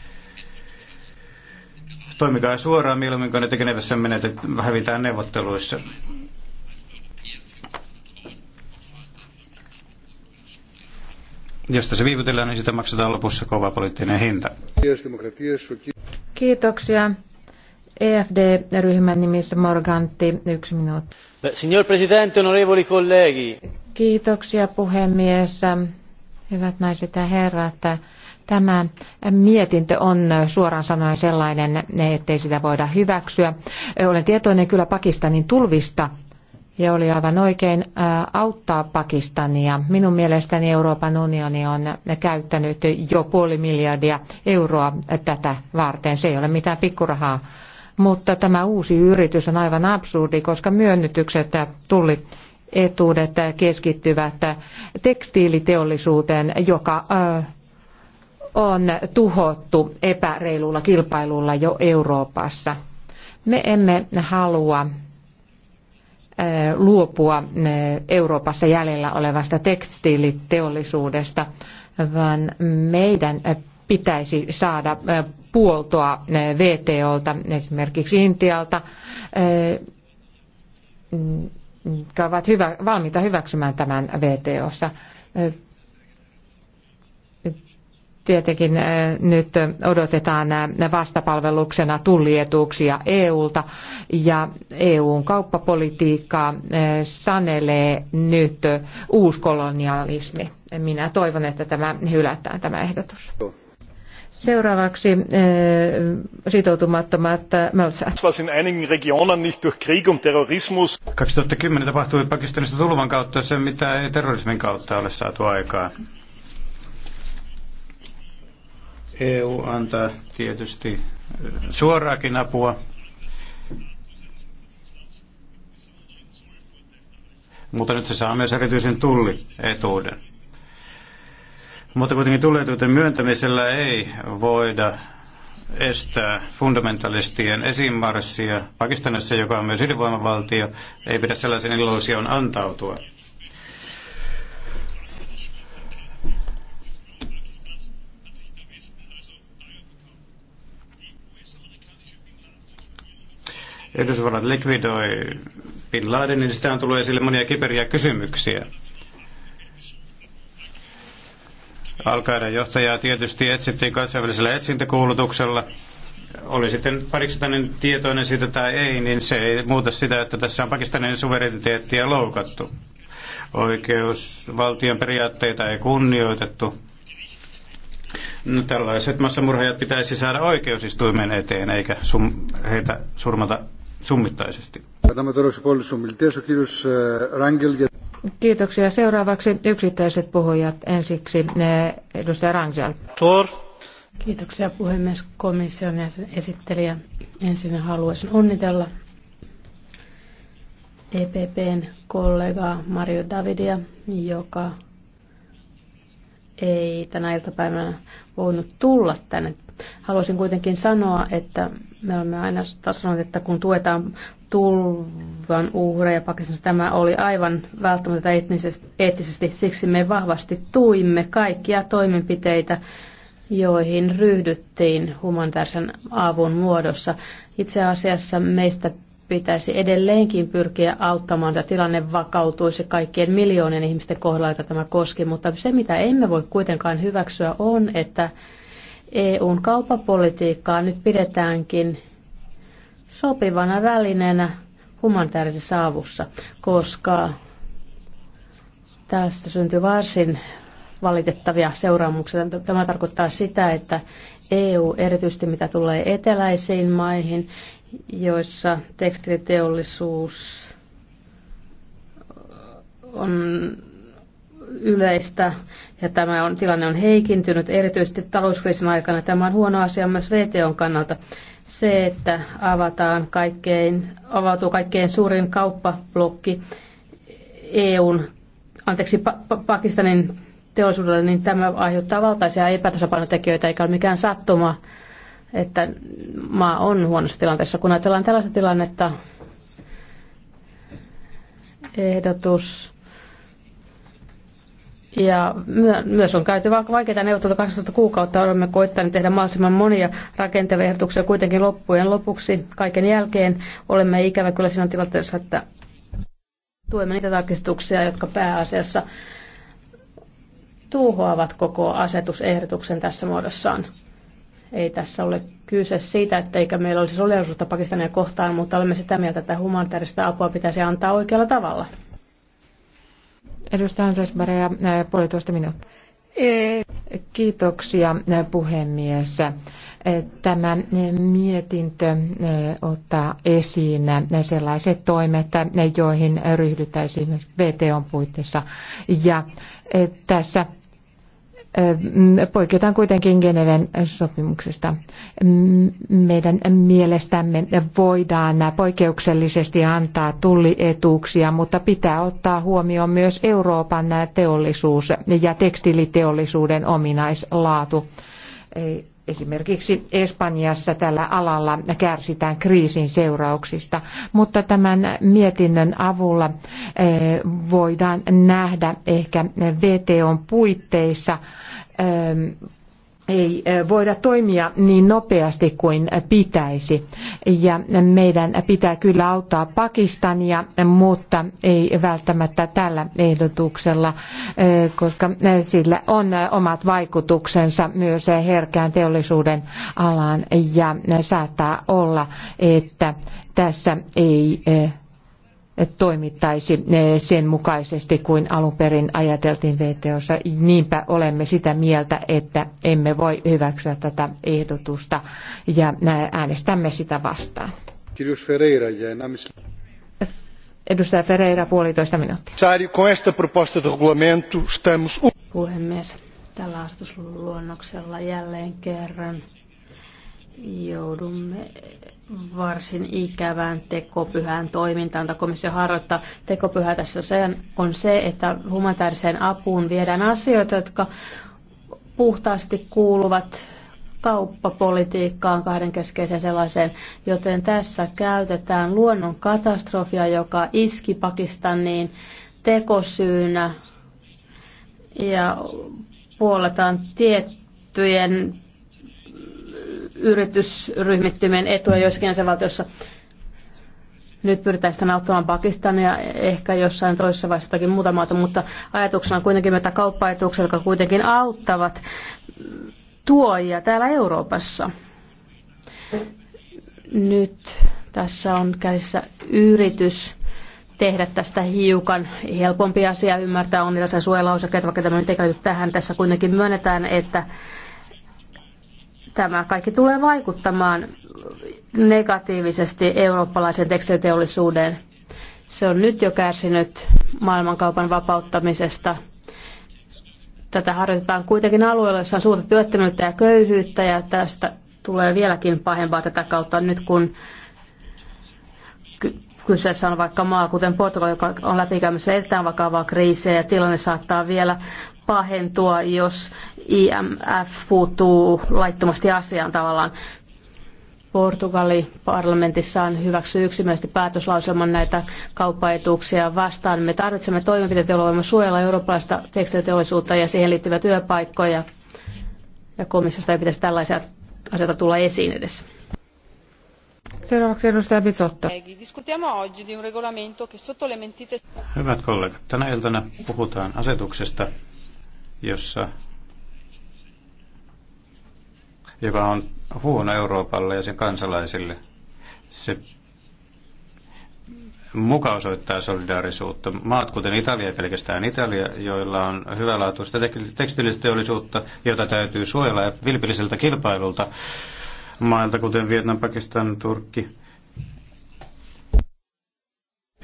Speaker 2: Toimikaa suoraan mieluummin, kun ne sen menetet, hävitään neuvotteluissa. Jos se viivytellään, niin sitä maksetaan lopussa kova poliittinen
Speaker 4: hinta.
Speaker 1: Kiitoksia. EFD-ryhmän nimissä Morganti, yksi minuutti.
Speaker 4: Signor Presidente, onorevoli colleghi.
Speaker 1: Kiitoksia puhemies. Hyvät naiset ja herrat, tämä mietintö on suoraan sanoen sellainen, ettei sitä voida hyväksyä. Olen tietoinen kyllä Pakistanin tulvista, ja oli aivan oikein auttaa Pakistania. Minun mielestäni Euroopan unioni on käyttänyt jo puoli miljardia euroa tätä varten. Se ei ole mitään pikkurahaa mutta tämä uusi yritys on aivan absurdi, koska myönnytykset tuli etuudet keskittyvät tekstiiliteollisuuteen, joka on tuhottu epäreilulla kilpailulla jo Euroopassa. Me emme halua luopua Euroopassa jäljellä olevasta tekstiiliteollisuudesta, vaan meidän pitäisi saada puoltoa eh, VTOlta, esimerkiksi Intialta, eh, jotka ovat hyvä, valmiita hyväksymään tämän VTOssa. Eh, tietenkin nyt odotetaan vastapalveluksena tullietuuksia EUlta ja EUn kauppapolitiikkaa sanelee nyt uuskolonialismi. Minä toivon, että tämä hylätään tämä ehdotus. Seuraavaksi eh, sitoutumattomat eh, Mölsä.
Speaker 2: 2010 tapahtui Pakistanista tulvan kautta se, mitä ei terrorismin kautta ole saatu aikaan. EU antaa tietysti eh, suoraakin apua, mutta nyt se saa myös erityisen etuuden. Mutta kuitenkin tulleituuden myöntämisellä ei voida estää fundamentalistien esimarssia. Pakistanissa, joka on myös ydinvoimavaltio, ei pidä sellaisen illuusion antautua. Yhdysvallat likvidoi Bin Ladenin, niin sitä on tullut esille monia kiperiä kysymyksiä. Alkaiden johtajaa tietysti etsittiin kansainvälisellä etsintäkuulutuksella. Oli sitten Pakistanin tietoinen siitä tai ei, niin se ei muuta sitä, että tässä on Pakistanin suvereniteettia loukattu. Oikeusvaltion periaatteita ei kunnioitettu. No, tällaiset massamurhajat pitäisi saada oikeusistuimen eteen, eikä sum, heitä surmata
Speaker 4: summittaisesti. Tämä τώρα στους υπόλοιπους ομιλητές. Ο Kiitoksia.
Speaker 3: Seuraavaksi yksittäiset puhujat. Ensiksi eh, edustaja Rangel. Tor. Kiitoksia puhemies komission esittelijä. Ensin haluaisin onnitella EPPn kollegaa Mario Davidia, joka ei tänä iltapäivänä voinut tulla tänne. Haluaisin kuitenkin sanoa, että me olemme aina sanoneet, että kun tuetaan tulvan uhreja Pakistanissa. Tämä oli aivan välttämätöntä eettisesti, siksi me vahvasti tuimme kaikkia toimenpiteitä, joihin ryhdyttiin humanitaarisen avun muodossa. Itse asiassa meistä pitäisi edelleenkin pyrkiä auttamaan, että tilanne vakautuisi kaikkien miljoonien ihmisten kohdalla, joita tämä koski. Mutta se, mitä emme voi kuitenkaan hyväksyä, on, että EUn kaupapolitiikkaa nyt pidetäänkin sopivana välineenä humanitaarisessa avussa, koska tästä syntyy varsin valitettavia seuraamuksia. Tämä tarkoittaa sitä, että EU, erityisesti mitä tulee eteläisiin maihin, joissa tekstiiliteollisuus on yleistä ja tämä on, tilanne on heikintynyt erityisesti talouskriisin aikana. Tämä on huono asia myös VTOn kannalta se, että avataan kaikkein, avautuu kaikkein suurin kauppablokki EUn, anteeksi, pa- Pakistanin teollisuudelle, niin tämä aiheuttaa valtaisia epätasapainotekijöitä, eikä ole mikään sattuma, että maa on huonossa tilanteessa. Kun ajatellaan tällaista tilannetta, ehdotus ja myös on käyty vaikeita neuvotteluja 12 kuukautta. Olemme koittaneet tehdä mahdollisimman monia rakentavia ehdotuksia. Kuitenkin loppujen lopuksi kaiken jälkeen olemme ikävä kyllä siinä tilanteessa, että tuemme niitä tarkistuksia, jotka pääasiassa tuhoavat koko asetusehdotuksen tässä muodossaan. Ei tässä ole kyse siitä, etteikö meillä olisi solidarisuutta Pakistania kohtaan, mutta olemme sitä mieltä, että humanitaarista apua pitäisi antaa oikealla tavalla. Edustaja
Speaker 1: Andres Barea, äh, puolitoista minuuttia. Kiitoksia äh, puhemies. Äh, tämä mietintö ottaa esiin sellaiset toimet, joihin ryhdytään esimerkiksi VTOn puitteissa. Ja tässä Poiketaan kuitenkin Geneven sopimuksesta. Meidän mielestämme voidaan poikkeuksellisesti antaa tullietuuksia, mutta pitää ottaa huomioon myös Euroopan teollisuus ja tekstiiliteollisuuden ominaislaatu. Esimerkiksi Espanjassa tällä alalla kärsitään kriisin seurauksista, mutta tämän mietinnön avulla eh, voidaan nähdä ehkä VTOn puitteissa eh, ei voida toimia niin nopeasti kuin pitäisi. Ja meidän pitää kyllä auttaa Pakistania, mutta ei välttämättä tällä ehdotuksella, koska sillä on omat vaikutuksensa myös herkään teollisuuden alaan ja saattaa olla, että tässä ei toimittaisi eh, sen mukaisesti kuin alun perin ajateltiin VTOssa. Niinpä olemme sitä mieltä, että emme voi hyväksyä tätä ehdotusta ja eh, äänestämme sitä vastaan.
Speaker 4: Kirjus Ferreira,
Speaker 1: Edustaja Ferreira, puolitoista minuuttia.
Speaker 4: esta proposta de regulamento estamos... Um-
Speaker 3: Puhemies, tällä asetusluonnoksella jälleen kerran joudumme varsin ikävään tekopyhään toimintaan, tai komissio harjoittaa. Tekopyhä tässä on se, että humanitaariseen apuun viedään asioita, jotka puhtaasti kuuluvat kauppapolitiikkaan, kahdenkeskeiseen sellaiseen, joten tässä käytetään luonnon katastrofia, joka iski Pakistaniin tekosyynä ja puoletaan tiettyjen yritysryhmittymien etuja joissakin jäsenvaltioissa. Nyt pyritään sitten auttamaan Pakistania ehkä jossain toisessa vaiheessa muuta maata, mutta ajatuksena on kuitenkin meitä kauppaetuuksia, jotka kuitenkin auttavat tuojia täällä Euroopassa. Nyt tässä on käsissä yritys tehdä tästä hiukan helpompi asia ymmärtää on niitä suojelausekkeita, vaikka tämä nyt tähän. Tässä kuitenkin myönnetään, että Tämä kaikki tulee vaikuttamaan negatiivisesti eurooppalaisen tekstiteollisuuden. Se on nyt jo kärsinyt maailmankaupan vapauttamisesta. Tätä harjoitetaan kuitenkin alueella, jossa on suurta työttömyyttä ja köyhyyttä, ja tästä tulee vieläkin pahempaa tätä kautta nyt, kun kyseessä on vaikka maa, kuten Portugal, joka on läpikäymässä erittäin vakavaa kriisiä ja tilanne saattaa vielä pahentua, jos IMF puuttuu laittomasti asiaan tavallaan. Portugali parlamentissaan hyväksynyt yksimielisesti päätöslauselman näitä kauppaetuuksia vastaan. Me tarvitsemme toimenpiteitä, joilla voimme suojella eurooppalaista tekstiiliteollisuutta ja siihen liittyviä työpaikkoja. Ja komissiosta ei pitäisi tällaisia asioita tulla esiin edes. Seuraavaksi edustaja Bizotta.
Speaker 2: Hyvät kollegat, tänä iltana puhutaan asetuksesta, jossa, joka on huono Euroopalle ja sen kansalaisille. Se muka osoittaa solidaarisuutta. Maat kuten Italia ja pelkästään Italia, joilla on hyvälaatuista tekstiilisteollisuutta, jota täytyy suojella vilpilliseltä kilpailulta mailta kuten Vietnam, Pakistan, Turkki.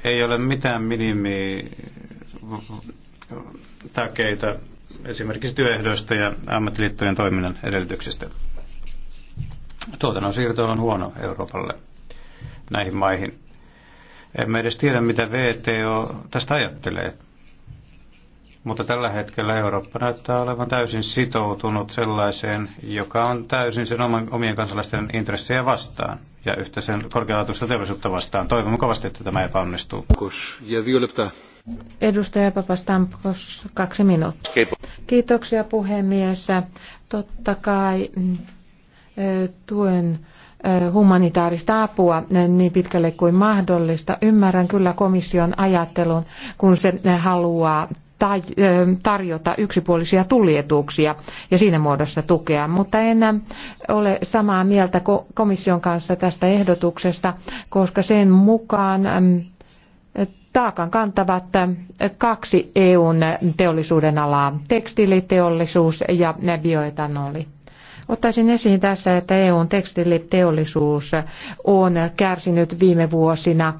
Speaker 2: Ei ole mitään minimi takeita esimerkiksi työehdoista ja ammattiliittojen toiminnan edellytyksistä. Tuotannon siirto on huono Euroopalle näihin maihin. Emme edes tiedä, mitä VTO tästä ajattelee. Mutta tällä hetkellä Eurooppa näyttää olevan täysin sitoutunut sellaiseen, joka on täysin sen omien kansalaisten intressejä vastaan ja yhtä sen korkealaatuista teollisuutta vastaan. Toivon mukavasti, että tämä epäonnistuu. Ja
Speaker 1: Edustaja Papastamkos, kaksi minuuttia. Kiitoksia puhemies. Totta kai tuen humanitaarista apua niin pitkälle kuin mahdollista. Ymmärrän kyllä komission ajattelun, kun se haluaa tarjota yksipuolisia tulietuuksia ja siinä muodossa tukea, mutta en ole samaa mieltä komission kanssa tästä ehdotuksesta, koska sen mukaan taakan kantavat kaksi EUn teollisuuden alaa, tekstiiliteollisuus ja bioetanoli. Ottaisin esiin tässä, että EUn tekstiiliteollisuus on kärsinyt viime vuosina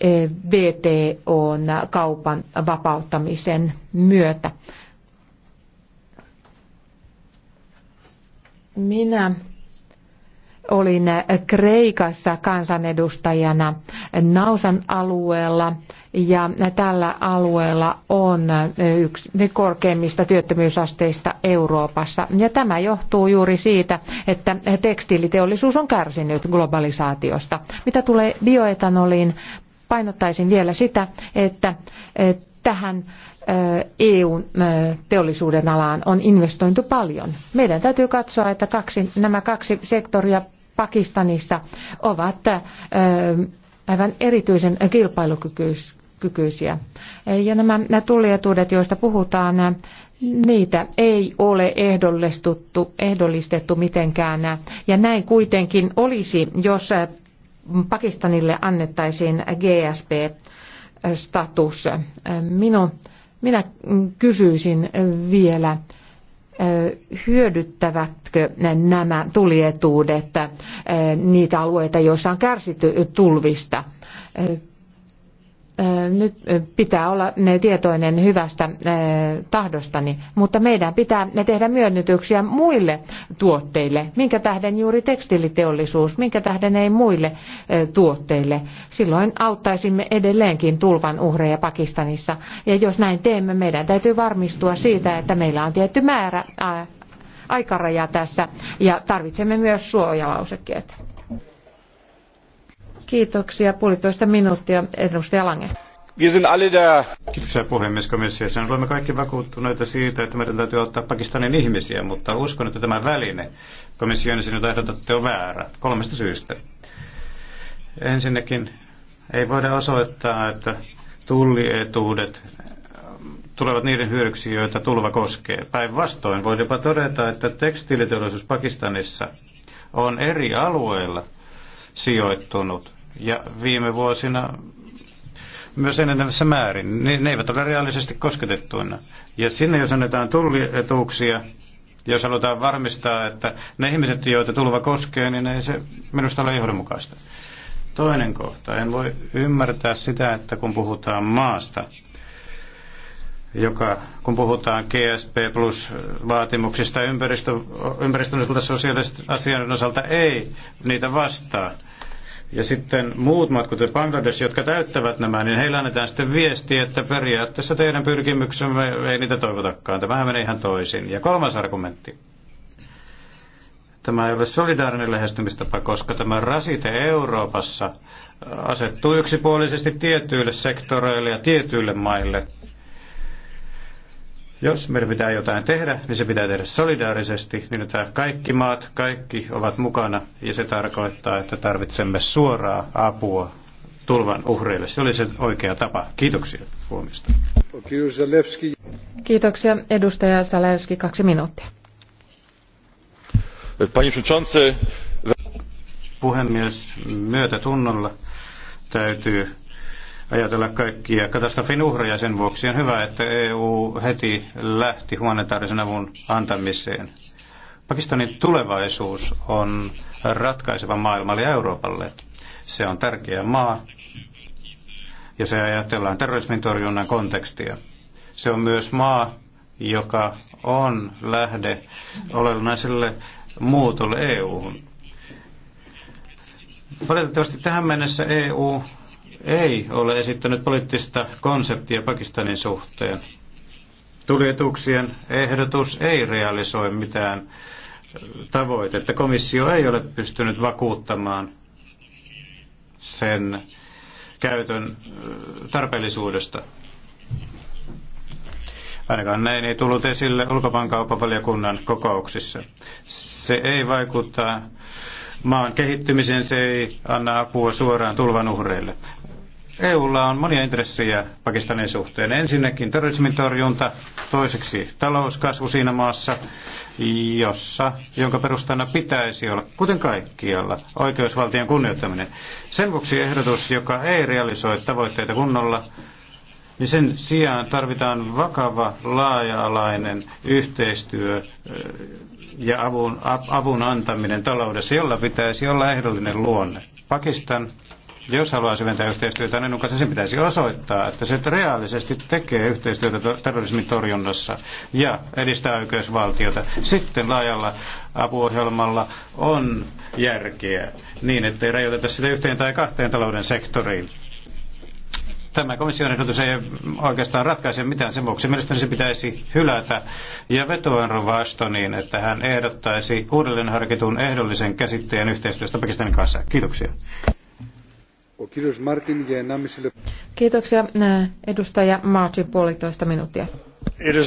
Speaker 1: eh, VTOn kaupan vapauttamisen myötä. Minä olin Kreikassa kansanedustajana Nausan alueella ja tällä alueella on yksi korkeimmista työttömyysasteista Euroopassa. Ja tämä johtuu juuri siitä, että tekstiiliteollisuus on kärsinyt globalisaatiosta. Mitä tulee bioetanoliin, painottaisin vielä sitä, että tähän EU-teollisuuden alaan on investointu paljon. Meidän täytyy katsoa, että kaksi, nämä kaksi sektoria Pakistanissa ovat aivan erityisen kilpailukykyisiä. Ja nämä tullietuudet, joista puhutaan, niitä ei ole ehdollistettu, ehdollistettu mitenkään. Ja näin kuitenkin olisi, jos Pakistanille annettaisiin GSP-status. Minu, minä kysyisin vielä, hyödyttävätkö nämä tulietuudet niitä alueita, joissa on kärsitty tulvista nyt pitää olla tietoinen hyvästä tahdostani, mutta meidän pitää tehdä myönnytyksiä muille tuotteille. Minkä tähden juuri tekstiiliteollisuus, minkä tähden ei muille tuotteille. Silloin auttaisimme edelleenkin tulvan uhreja Pakistanissa. Ja jos näin teemme, meidän täytyy varmistua siitä, että meillä on tietty määrä aikaraja tässä ja tarvitsemme myös suojalausekkeet. Kiitoksia. Puolitoista minuuttia. Edustaja Lange.
Speaker 2: Kiitoksia puhemies komissiossa. Olemme kaikki vakuuttuneita siitä, että meidän täytyy ottaa Pakistanin ihmisiä, mutta uskon, että tämä väline komission jota ehdotatte on väärä kolmesta syystä. Ensinnäkin ei voida osoittaa, että tullietuudet tulevat niiden hyödyksi, joita tulva koskee. Päinvastoin voi jopa todeta, että tekstiiliteollisuus Pakistanissa on eri alueilla sijoittunut ja viime vuosina myös enenevässä määrin. Ne, ne eivät ole reaalisesti kosketettuina. Ja sinne, jos annetaan tullietuuksia, jos halutaan varmistaa, että ne ihmiset, joita tulva koskee, niin ei se minusta ole johdonmukaista. Toinen kohta. En voi ymmärtää sitä, että kun puhutaan maasta, joka, kun puhutaan GSP plus vaatimuksista ympäristö, ympäristön sosiaalisten asioiden osalta, ei niitä vastaa. Ja sitten muut maat, kuten Bangladesh, jotka täyttävät nämä, niin heillä annetaan sitten viesti, että periaatteessa teidän pyrkimyksemme ei niitä toivotakaan. Tämähän menee ihan toisin. Ja kolmas argumentti. Tämä ei ole solidaarinen lähestymistapa, koska tämä rasite Euroopassa asettuu yksipuolisesti tietyille sektoreille ja tietyille maille. Jos meidän pitää jotain tehdä, niin se pitää tehdä solidaarisesti, niin että kaikki maat, kaikki ovat mukana, ja se tarkoittaa, että tarvitsemme suoraa apua tulvan uhreille. Se oli se oikea tapa. Kiitoksia huomista.
Speaker 1: Kiitoksia. Edustaja Salerski, kaksi minuuttia.
Speaker 2: Panie Puhemies, myötätunnolla täytyy ajatella kaikkia katastrofin uhreja. Sen vuoksi on hyvä, että EU heti lähti humanitaarisen avun antamiseen. Pakistanin tulevaisuus on ratkaiseva maailmalle ja Euroopalle. Se on tärkeä maa ja se ajatellaan terrorismin torjunnan kontekstia. Se on myös maa, joka on lähde olennaiselle muutolle EU-hun. Valitettavasti tähän mennessä EU ei ole esittänyt poliittista konseptia Pakistanin suhteen. Tuljetuksien ehdotus ei realisoi mitään tavoitetta. Komissio ei ole pystynyt vakuuttamaan sen käytön tarpeellisuudesta. Ainakaan näin ei tullut esille ulkomaankaupavaliokunnan kokouksissa. Se ei vaikuta maan kehittymiseen, se ei anna apua suoraan tulvan uhreille. EUlla on monia intressejä Pakistanin suhteen. Ensinnäkin terrorismin torjunta, toiseksi talouskasvu siinä maassa, jossa, jonka perustana pitäisi olla, kuten kaikkialla, oikeusvaltion kunnioittaminen. Sen vuoksi ehdotus, joka ei realisoi tavoitteita kunnolla, niin sen sijaan tarvitaan vakava, laaja-alainen yhteistyö ja avun, avun antaminen taloudessa, jolla pitäisi olla ehdollinen luonne. Pakistan jos haluaa syventää yhteistyötä, niin kanssa sen pitäisi osoittaa, että se reaalisesti tekee yhteistyötä terrorismin torjunnassa ja edistää oikeusvaltiota. Sitten laajalla apuohjelmalla on järkeä niin, ettei rajoiteta sitä yhteen tai kahteen talouden sektoriin tämä komission ehdotus ei oikeastaan ratkaise mitään sen vuoksi. Mielestäni se pitäisi hylätä ja vetoan rovasto niin, että hän ehdottaisi uudelleen harkitun ehdollisen käsitteen yhteistyöstä Pakistanin kanssa. Kiitoksia.
Speaker 1: Kiitoksia edustaja Martin puolitoista minuuttia.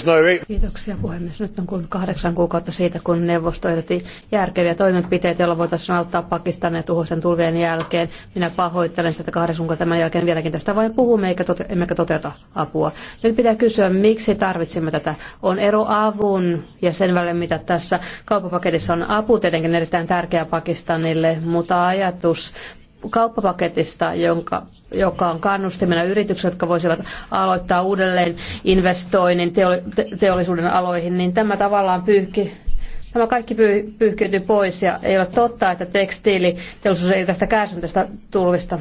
Speaker 4: No
Speaker 3: Kiitoksia puhemies. Nyt on kuin kahdeksan kuukautta siitä, kun neuvosto ehdotti järkeviä toimenpiteitä, joilla voitaisiin auttaa Pakistania tuhoisen tulvien jälkeen. Minä pahoittelen sitä kahdeksan kuukautta tämän jälkeen vieläkin tästä vain puhumme, eikä tote, emmekä toteuta apua. Nyt pitää kysyä, miksi tarvitsemme tätä. On ero avun ja sen välillä, mitä tässä kauppapaketissa on apu, tietenkin erittäin tärkeä Pakistanille, mutta ajatus kauppapaketista, jonka, joka on kannustimena yritykset, jotka voisivat aloittaa uudelleen investoinnin teollisuuden aloihin, niin tämä tavallaan pyyhki tämä kaikki pyy, pyyhkiytyi pois ja ei ole totta, että tekstiiliteollisuus ei tästä kärsinyt tästä tulvista.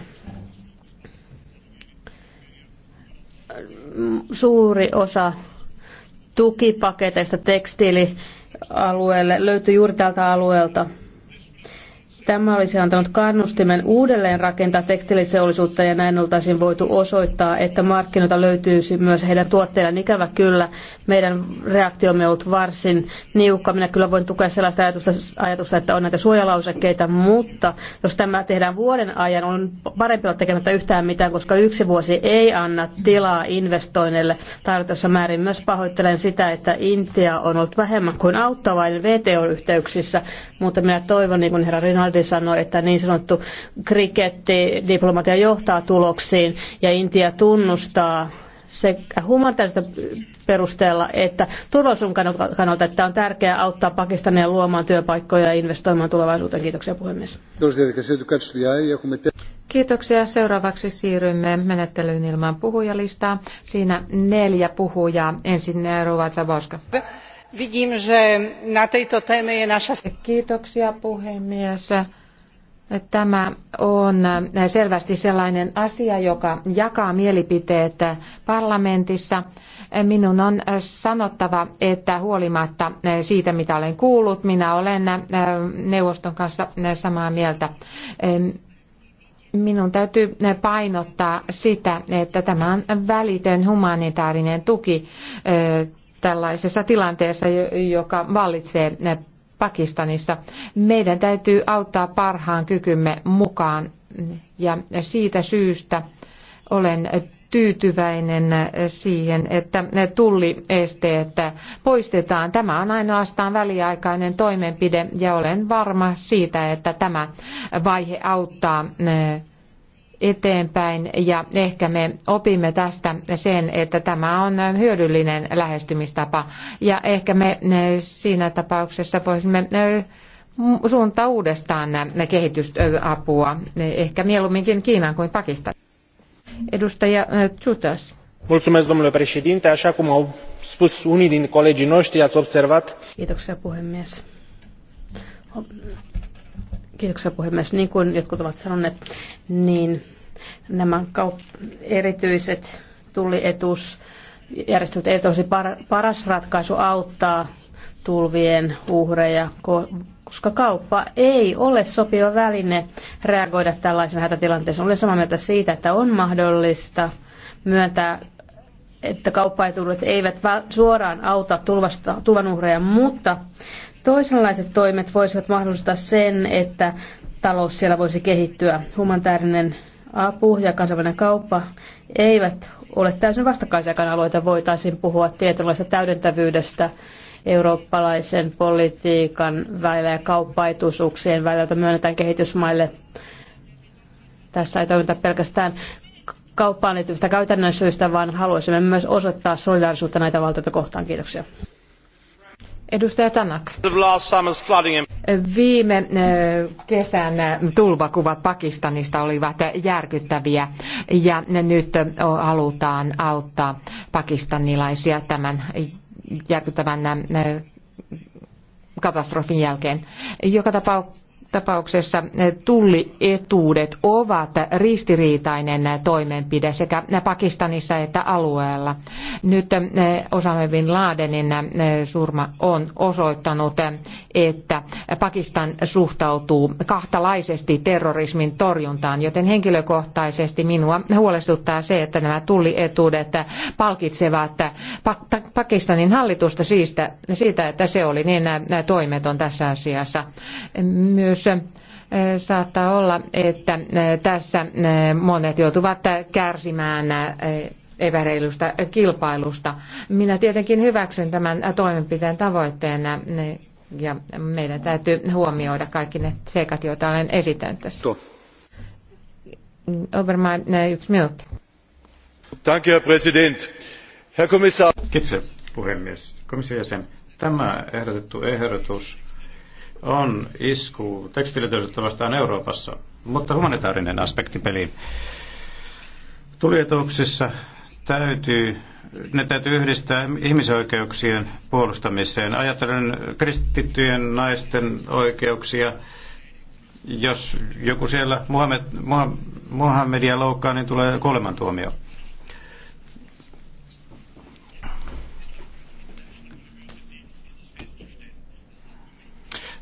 Speaker 3: Suuri osa tukipaketeista tekstiilialueelle löytyy juuri tältä alueelta – Tämä olisi antanut kannustimen uudelleen rakentaa tekstiiliseollisuutta ja näin oltaisiin voitu osoittaa, että markkinoita löytyisi myös heidän tuotteillaan. Ikävä kyllä, meidän reaktiomme on ollut varsin niukka. Minä kyllä voin tukea sellaista ajatusta, ajatusta että on näitä suojalausekkeita, mutta jos tämä tehdään vuoden ajan, on parempi olla tekemättä yhtään mitään, koska yksi vuosi ei anna tilaa investoinneille tarvittavassa määrin. Myös pahoittelen sitä, että Intia on ollut vähemmän kuin auttavainen VTO-yhteyksissä, mutta minä toivon, niin kuin herra Rinaldi Modi sanoi, että niin sanottu kriketti diplomatia johtaa tuloksiin ja Intia tunnustaa sekä humanitaarista perusteella että turvallisuuden kannalta, että on tärkeää auttaa Pakistania luomaan työpaikkoja ja investoimaan tulevaisuuteen. Kiitoksia puhemies. Kiitoksia. Seuraavaksi
Speaker 1: siirrymme menettelyyn ilman puhujalistaa. Siinä neljä puhujaa. Ensin Rova Zabowska. Vidím, že na tejto téme je naša... Kiitoksia puhemies. Tämä on selvästi sellainen asia, joka jakaa mielipiteet parlamentissa. Minun on sanottava, että huolimatta siitä, mitä olen kuullut, minä olen neuvoston kanssa samaa mieltä. Minun täytyy painottaa sitä, että tämä on välitön humanitaarinen tuki tällaisessa tilanteessa, joka vallitsee eh, Pakistanissa. Meidän täytyy auttaa parhaan kykymme mukaan ja siitä syystä olen tyytyväinen siihen, että tulliesteet poistetaan. Tämä on ainoastaan väliaikainen toimenpide ja olen varma siitä, että tämä vaihe auttaa eh, eteenpäin ja ehkä me opimme tästä sen, että tämä on hyödyllinen lähestymistapa ja ehkä me eh, siinä tapauksessa voisimme eh, suuntaa uudestaan eh, kehitysapua, ehkä mieluumminkin Kiinan kuin Pakistan. Edustaja Tsutas.
Speaker 2: Mulțumesc, domnule președinte. Așa cum au spus
Speaker 4: unii din colegii noștri, ați observat...
Speaker 3: Kiitoksia, puhemies Kiitoksia puhemies. Niin kuin jotkut ovat sanoneet, niin nämä kaup- erityiset tullietuus järjestelyt eivät olisi par- paras ratkaisu auttaa tulvien uhreja, koska kauppa ei ole sopiva väline reagoida tällaisen hätätilanteeseen. Olen samaa mieltä siitä, että on mahdollista myöntää että kauppaetuudet eivät suoraan auta tulvasta, uhreja, mutta toisenlaiset toimet voisivat mahdollistaa sen, että talous siellä voisi kehittyä. Humanitaarinen apu ja kansainvälinen kauppa eivät ole täysin vastakkaisia kanaloita. Voitaisiin puhua tietynlaista täydentävyydestä eurooppalaisen politiikan välillä ja kauppaetuisuuksien välillä, jota myönnetään kehitysmaille. Tässä ei toimita pelkästään kauppaan liittyvistä käytännön syistä, vaan haluaisimme myös osoittaa solidaarisuutta näitä valtioita kohtaan. Kiitoksia. Edustaja Tanak. Viime
Speaker 1: eh, kesän eh, tulvakuvat Pakistanista olivat eh, järkyttäviä ja nyt halutaan auttaa pakistanilaisia tämän järkyttävän katastrofin jälkeen. Joka tapauksessa tullietuudet ovat ristiriitainen toimenpide sekä Pakistanissa että alueella. Nyt eh, Osama Bin Ladenin eh, surma on osoittanut, eh, että Pakistan suhtautuu kahtalaisesti terrorismin torjuntaan, joten henkilökohtaisesti minua huolestuttaa se, että nämä tullietuudet palkitsevat Pakistanin hallitusta siitä, että se oli niin toimeton tässä asiassa. Myös myös eh, Saattaa olla, että eh, tässä eh, monet joutuvat kärsimään epäreilusta kilpailusta. Minä tietenkin hyväksyn tämän toimenpiteen tavoitteena ja meidän täytyy huomioida kaikki ne seikat, joita olen esittänyt tässä. Obermann, yksi
Speaker 2: minuutti. Danke, Herr Präsident. Herr Kommissar. Kiitos, puhemies. Komission jäsen. Tämä ehdotettu ehdotus on isku tekstiiliteollisuutta vastaan Euroopassa, mutta humanitaarinen aspekti peliin. Tulietuuksissa täytyy, ne täytyy yhdistää ihmisoikeuksien puolustamiseen. Ajattelen kristittyjen naisten oikeuksia. Jos joku siellä Muhammed, Muhammedia loukkaa, niin tulee kuolemantuomio.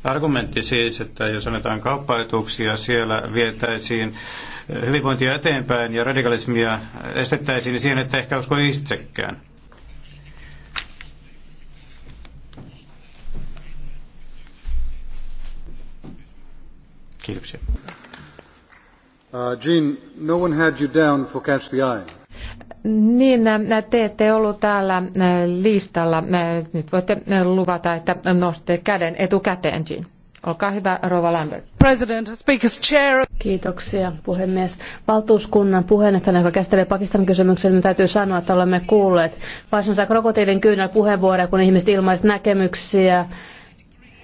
Speaker 2: Argumentti siis, että jos annetaan kauppaetuuksia, siellä vietäisiin hyvinvointia eteenpäin ja radikalismia estettäisiin niin siihen, että ehkä usko itsekään.
Speaker 4: Kiitoksia. Uh, Jean, no one had you down for catch the eye.
Speaker 1: Niin, äh, te ette ollut täällä äh, listalla. Äh, nyt voitte luvata, että nostatte käden etukäteen, Jean. Olkaa hyvä, Rova
Speaker 3: Lambert. President, speakers, chair. Kiitoksia, puhemies. Valtuuskunnan puheenjohtaja, joka käsittelee Pakistanin kysymyksen, niin täytyy sanoa, että olemme kuulleet varsinaisen krokotiilin kyynel puheenvuoroja, kun ihmiset ilmaisivat näkemyksiä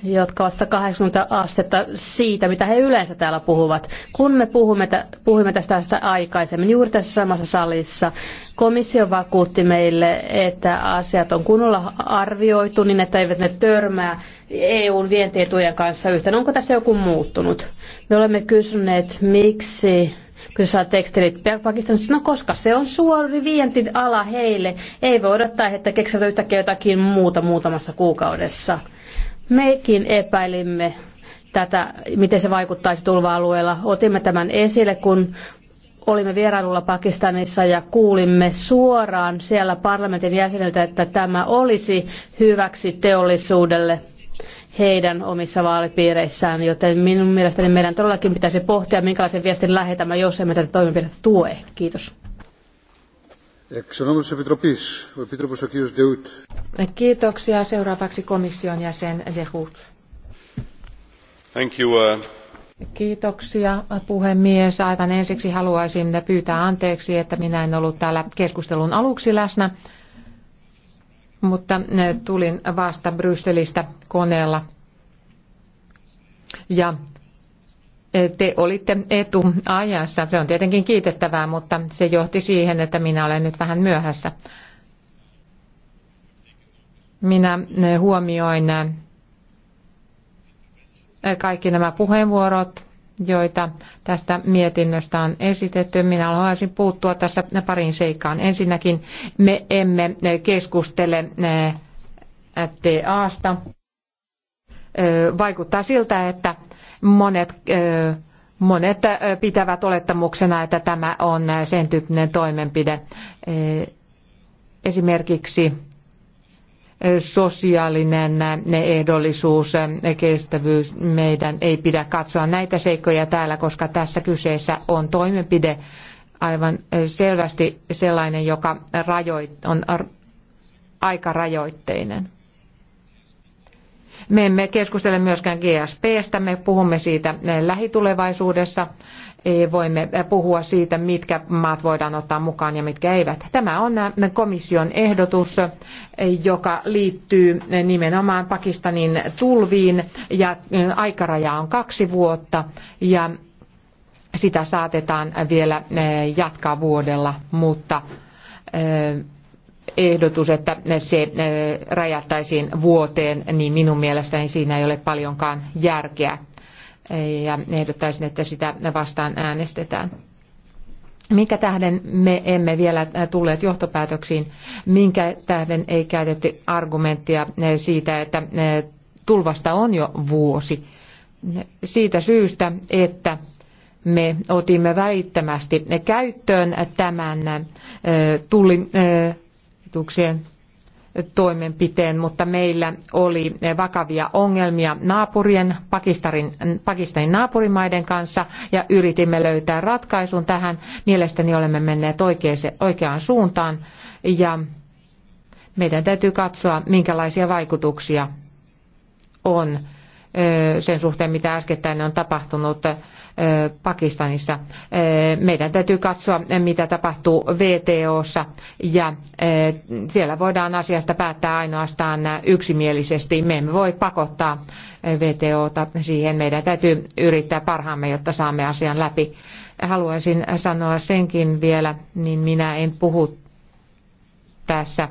Speaker 3: jotka ovat 180 astetta siitä, mitä he yleensä täällä puhuvat. Kun me puhumme, puhumme tästä asiasta aikaisemmin, juuri tässä samassa salissa, komissio vakuutti meille, että asiat on kunnolla arvioitu niin, että eivät ne törmää EUn vientietujen kanssa yhtään. Onko tässä joku muuttunut? Me olemme kysyneet, miksi kun saa tekstilit Pakistanista, no koska se on suori vientiala heille, ei voi odottaa, että keksivät yhtäkkiä jotakin muuta muutamassa kuukaudessa Mekin epäilimme tätä, miten se vaikuttaisi tulva-alueella. Otimme tämän esille, kun olimme vierailulla Pakistanissa ja kuulimme suoraan siellä parlamentin jäseniltä, että tämä olisi hyväksi teollisuudelle heidän omissa vaalipiireissään, joten minun mielestäni meidän todellakin pitäisi pohtia, minkälaisen viestin lähetämme, jos emme tätä toimenpidettä tue. Kiitos.
Speaker 1: Kiitoksia. Seuraavaksi komission jäsen De Hucht.
Speaker 4: Thank you, uh,
Speaker 1: Kiitoksia puhemies. Aivan ensiksi haluaisin pyytää anteeksi, että minä en ollut täällä keskustelun aluksi läsnä, mutta eh, tulin vasta Brysselistä koneella. Ja te olitte etuajassa. Se on tietenkin kiitettävää, mutta se johti siihen, että minä olen nyt vähän myöhässä. Minä eh, huomioin eh, kaikki nämä puheenvuorot, joita tästä mietinnöstä on esitetty. Minä haluaisin puuttua tässä pariin seikkaan. Ensinnäkin me emme eh, keskustele FTAsta. Vaikuttaa siltä, että Monet, monet pitävät olettamuksena, että tämä on sen tyyppinen toimenpide. Esimerkiksi sosiaalinen ehdollisuus, kestävyys. Meidän ei pidä katsoa näitä seikkoja täällä, koska tässä kyseessä on toimenpide aivan selvästi sellainen, joka rajoit, on aika rajoitteinen. Me emme keskustele myöskään GSPstä, me puhumme siitä lähitulevaisuudessa. E, voimme puhua siitä, mitkä maat voidaan ottaa mukaan ja mitkä eivät. Tämä on komission ehdotus, joka liittyy nimenomaan Pakistanin tulviin ja aikaraja on kaksi vuotta ja sitä saatetaan vielä jatkaa vuodella, mutta e, ehdotus, että se äh, rajattaisiin vuoteen, niin minun mielestäni siinä ei ole paljonkaan järkeä. Ja ehdottaisin, että sitä vastaan äänestetään. Minkä tähden me emme vielä tulleet johtopäätöksiin? Minkä tähden ei käytetty argumenttia äh, siitä, että äh, tulvasta on jo vuosi? Siitä syystä, että me otimme välittömästi käyttöön tämän tullin hallituksien toimenpiteen, mutta meillä oli vakavia ongelmia naapurien, Pakistanin, Pakistanin naapurimaiden kanssa ja yritimme löytää ratkaisun tähän. Mielestäni olemme menneet oikeaan suuntaan ja meidän täytyy katsoa, minkälaisia vaikutuksia on sen suhteen, mitä äskettäin on tapahtunut Pakistanissa. Meidän täytyy katsoa, mitä tapahtuu VTOssa ja siellä voidaan asiasta päättää ainoastaan yksimielisesti. Me emme voi pakottaa VTOta siihen. Meidän täytyy yrittää parhaamme, jotta saamme asian läpi. Haluaisin sanoa senkin vielä, niin minä en puhu tässä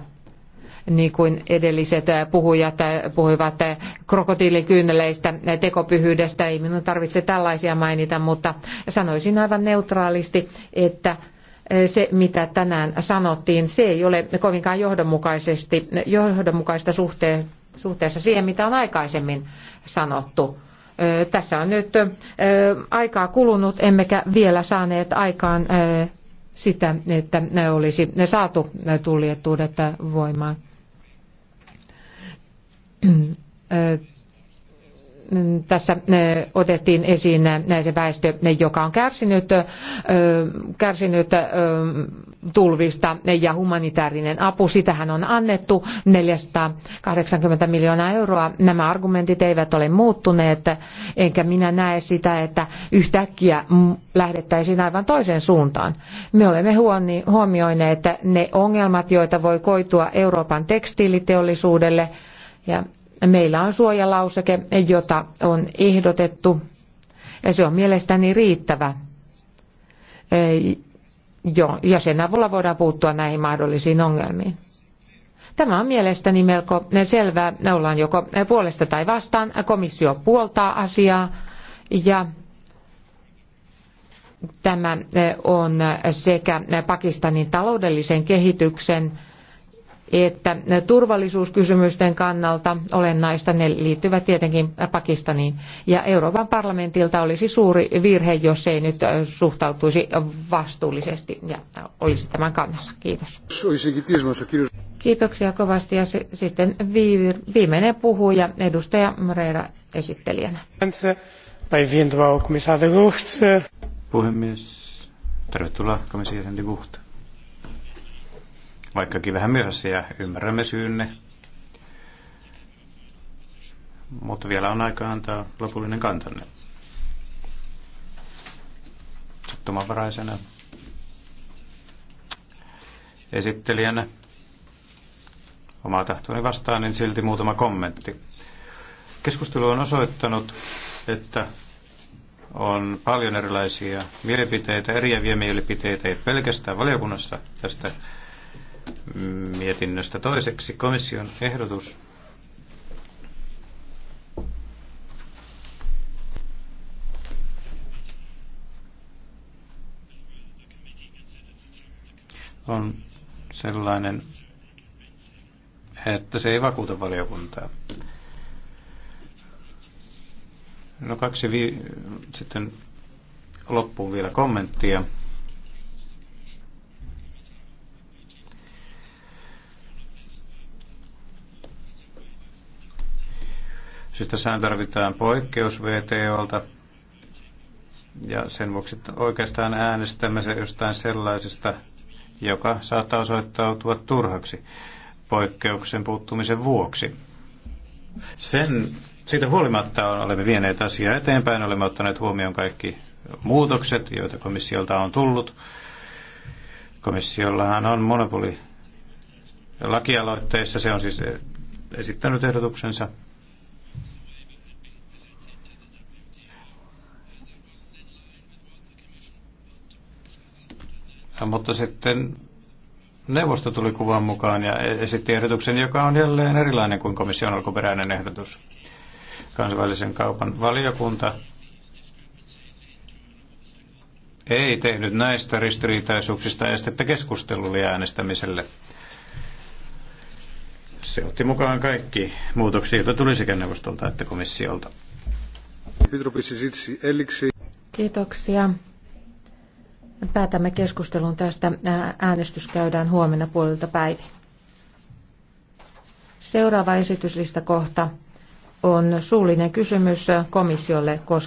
Speaker 1: niin kuin edelliset puhujat puhuivat krokotiilikyyneleistä, tekopyhyydestä. Ei minun tarvitse tällaisia mainita, mutta sanoisin aivan neutraalisti, että se, mitä tänään sanottiin, se ei ole kovinkaan johdonmukaisesti, johdonmukaista suhteen, suhteessa siihen, mitä on aikaisemmin sanottu. Tässä on nyt aikaa kulunut, emmekä vielä saaneet aikaan sitä, että ne olisi saatu tullietuudet voimaan tässä otettiin esiin se väestö, joka on kärsinyt, kärsinyt tulvista ja humanitaarinen apu. Sitähän on annettu 480 miljoonaa euroa. Nämä argumentit eivät ole muuttuneet, enkä minä näe sitä, että yhtäkkiä lähdettäisiin aivan toiseen suuntaan. Me olemme huomioineet ne ongelmat, joita voi koitua Euroopan tekstiiliteollisuudelle – ja meillä on suojalauseke, jota on ehdotettu. Ja se on mielestäni riittävä. E, ja sen avulla voidaan puuttua näihin mahdollisiin ongelmiin. Tämä on mielestäni melko selvää. Ne ollaan joko puolesta tai vastaan. Komissio puoltaa asiaa ja tämä on sekä Pakistanin taloudellisen kehityksen että turvallisuuskysymysten kannalta olennaista ne liittyvät tietenkin Pakistaniin. Ja Euroopan parlamentilta olisi suuri virhe, jos ei nyt suhtautuisi vastuullisesti ja olisi tämän kannalla. Kiitos. Kiitoksia kovasti ja sitten viimeinen puhuja, edustaja Moreira esittelijänä.
Speaker 2: Puhemies, tervetuloa komission jäsen de Gucht vaikkakin vähän myöhässä ja ymmärrämme syynne. Mutta vielä on aika antaa lopullinen kantanne. Sattumanvaraisena esittelijänä omaa tahtoni vastaan, niin silti muutama kommentti. Keskustelu on osoittanut, että on paljon erilaisia mielipiteitä, eriäviä mielipiteitä, ei pelkästään valiokunnassa tästä mietinnöstä. Toiseksi komission ehdotus on sellainen, että se ei vakuuta valiokuntaa. No kaksi vi- sitten loppuun vielä kommenttia. Siis tässä tarvitaan poikkeus VTOlta, ja sen vuoksi oikeastaan äänestämme se jostain sellaisesta, joka saattaa osoittautua turhaksi poikkeuksen puuttumisen vuoksi. Sen, siitä huolimatta on, olemme vieneet asiaa eteenpäin, olemme ottaneet huomioon kaikki muutokset, joita komissiolta on tullut. Komissiollahan on monopoli lakialoitteissa, se on siis eh, esittänyt ehdotuksensa Mutta sitten neuvosto tuli kuvan mukaan ja e- esitti ehdotuksen, joka on jälleen erilainen kuin komission alkuperäinen ehdotus. Kansainvälisen kaupan valiokunta ei tehnyt näistä ristiriitaisuuksista estettä keskustelulle ja äänestämiselle. Se otti mukaan kaikki muutoksia, joita tuli sekä neuvostolta että komissiolta.
Speaker 1: Kiitoksia päätämme keskustelun tästä. Äänestys käydään huomenna puolilta päivin. Seuraava esityslistakohta on suullinen kysymys komissiolle koskien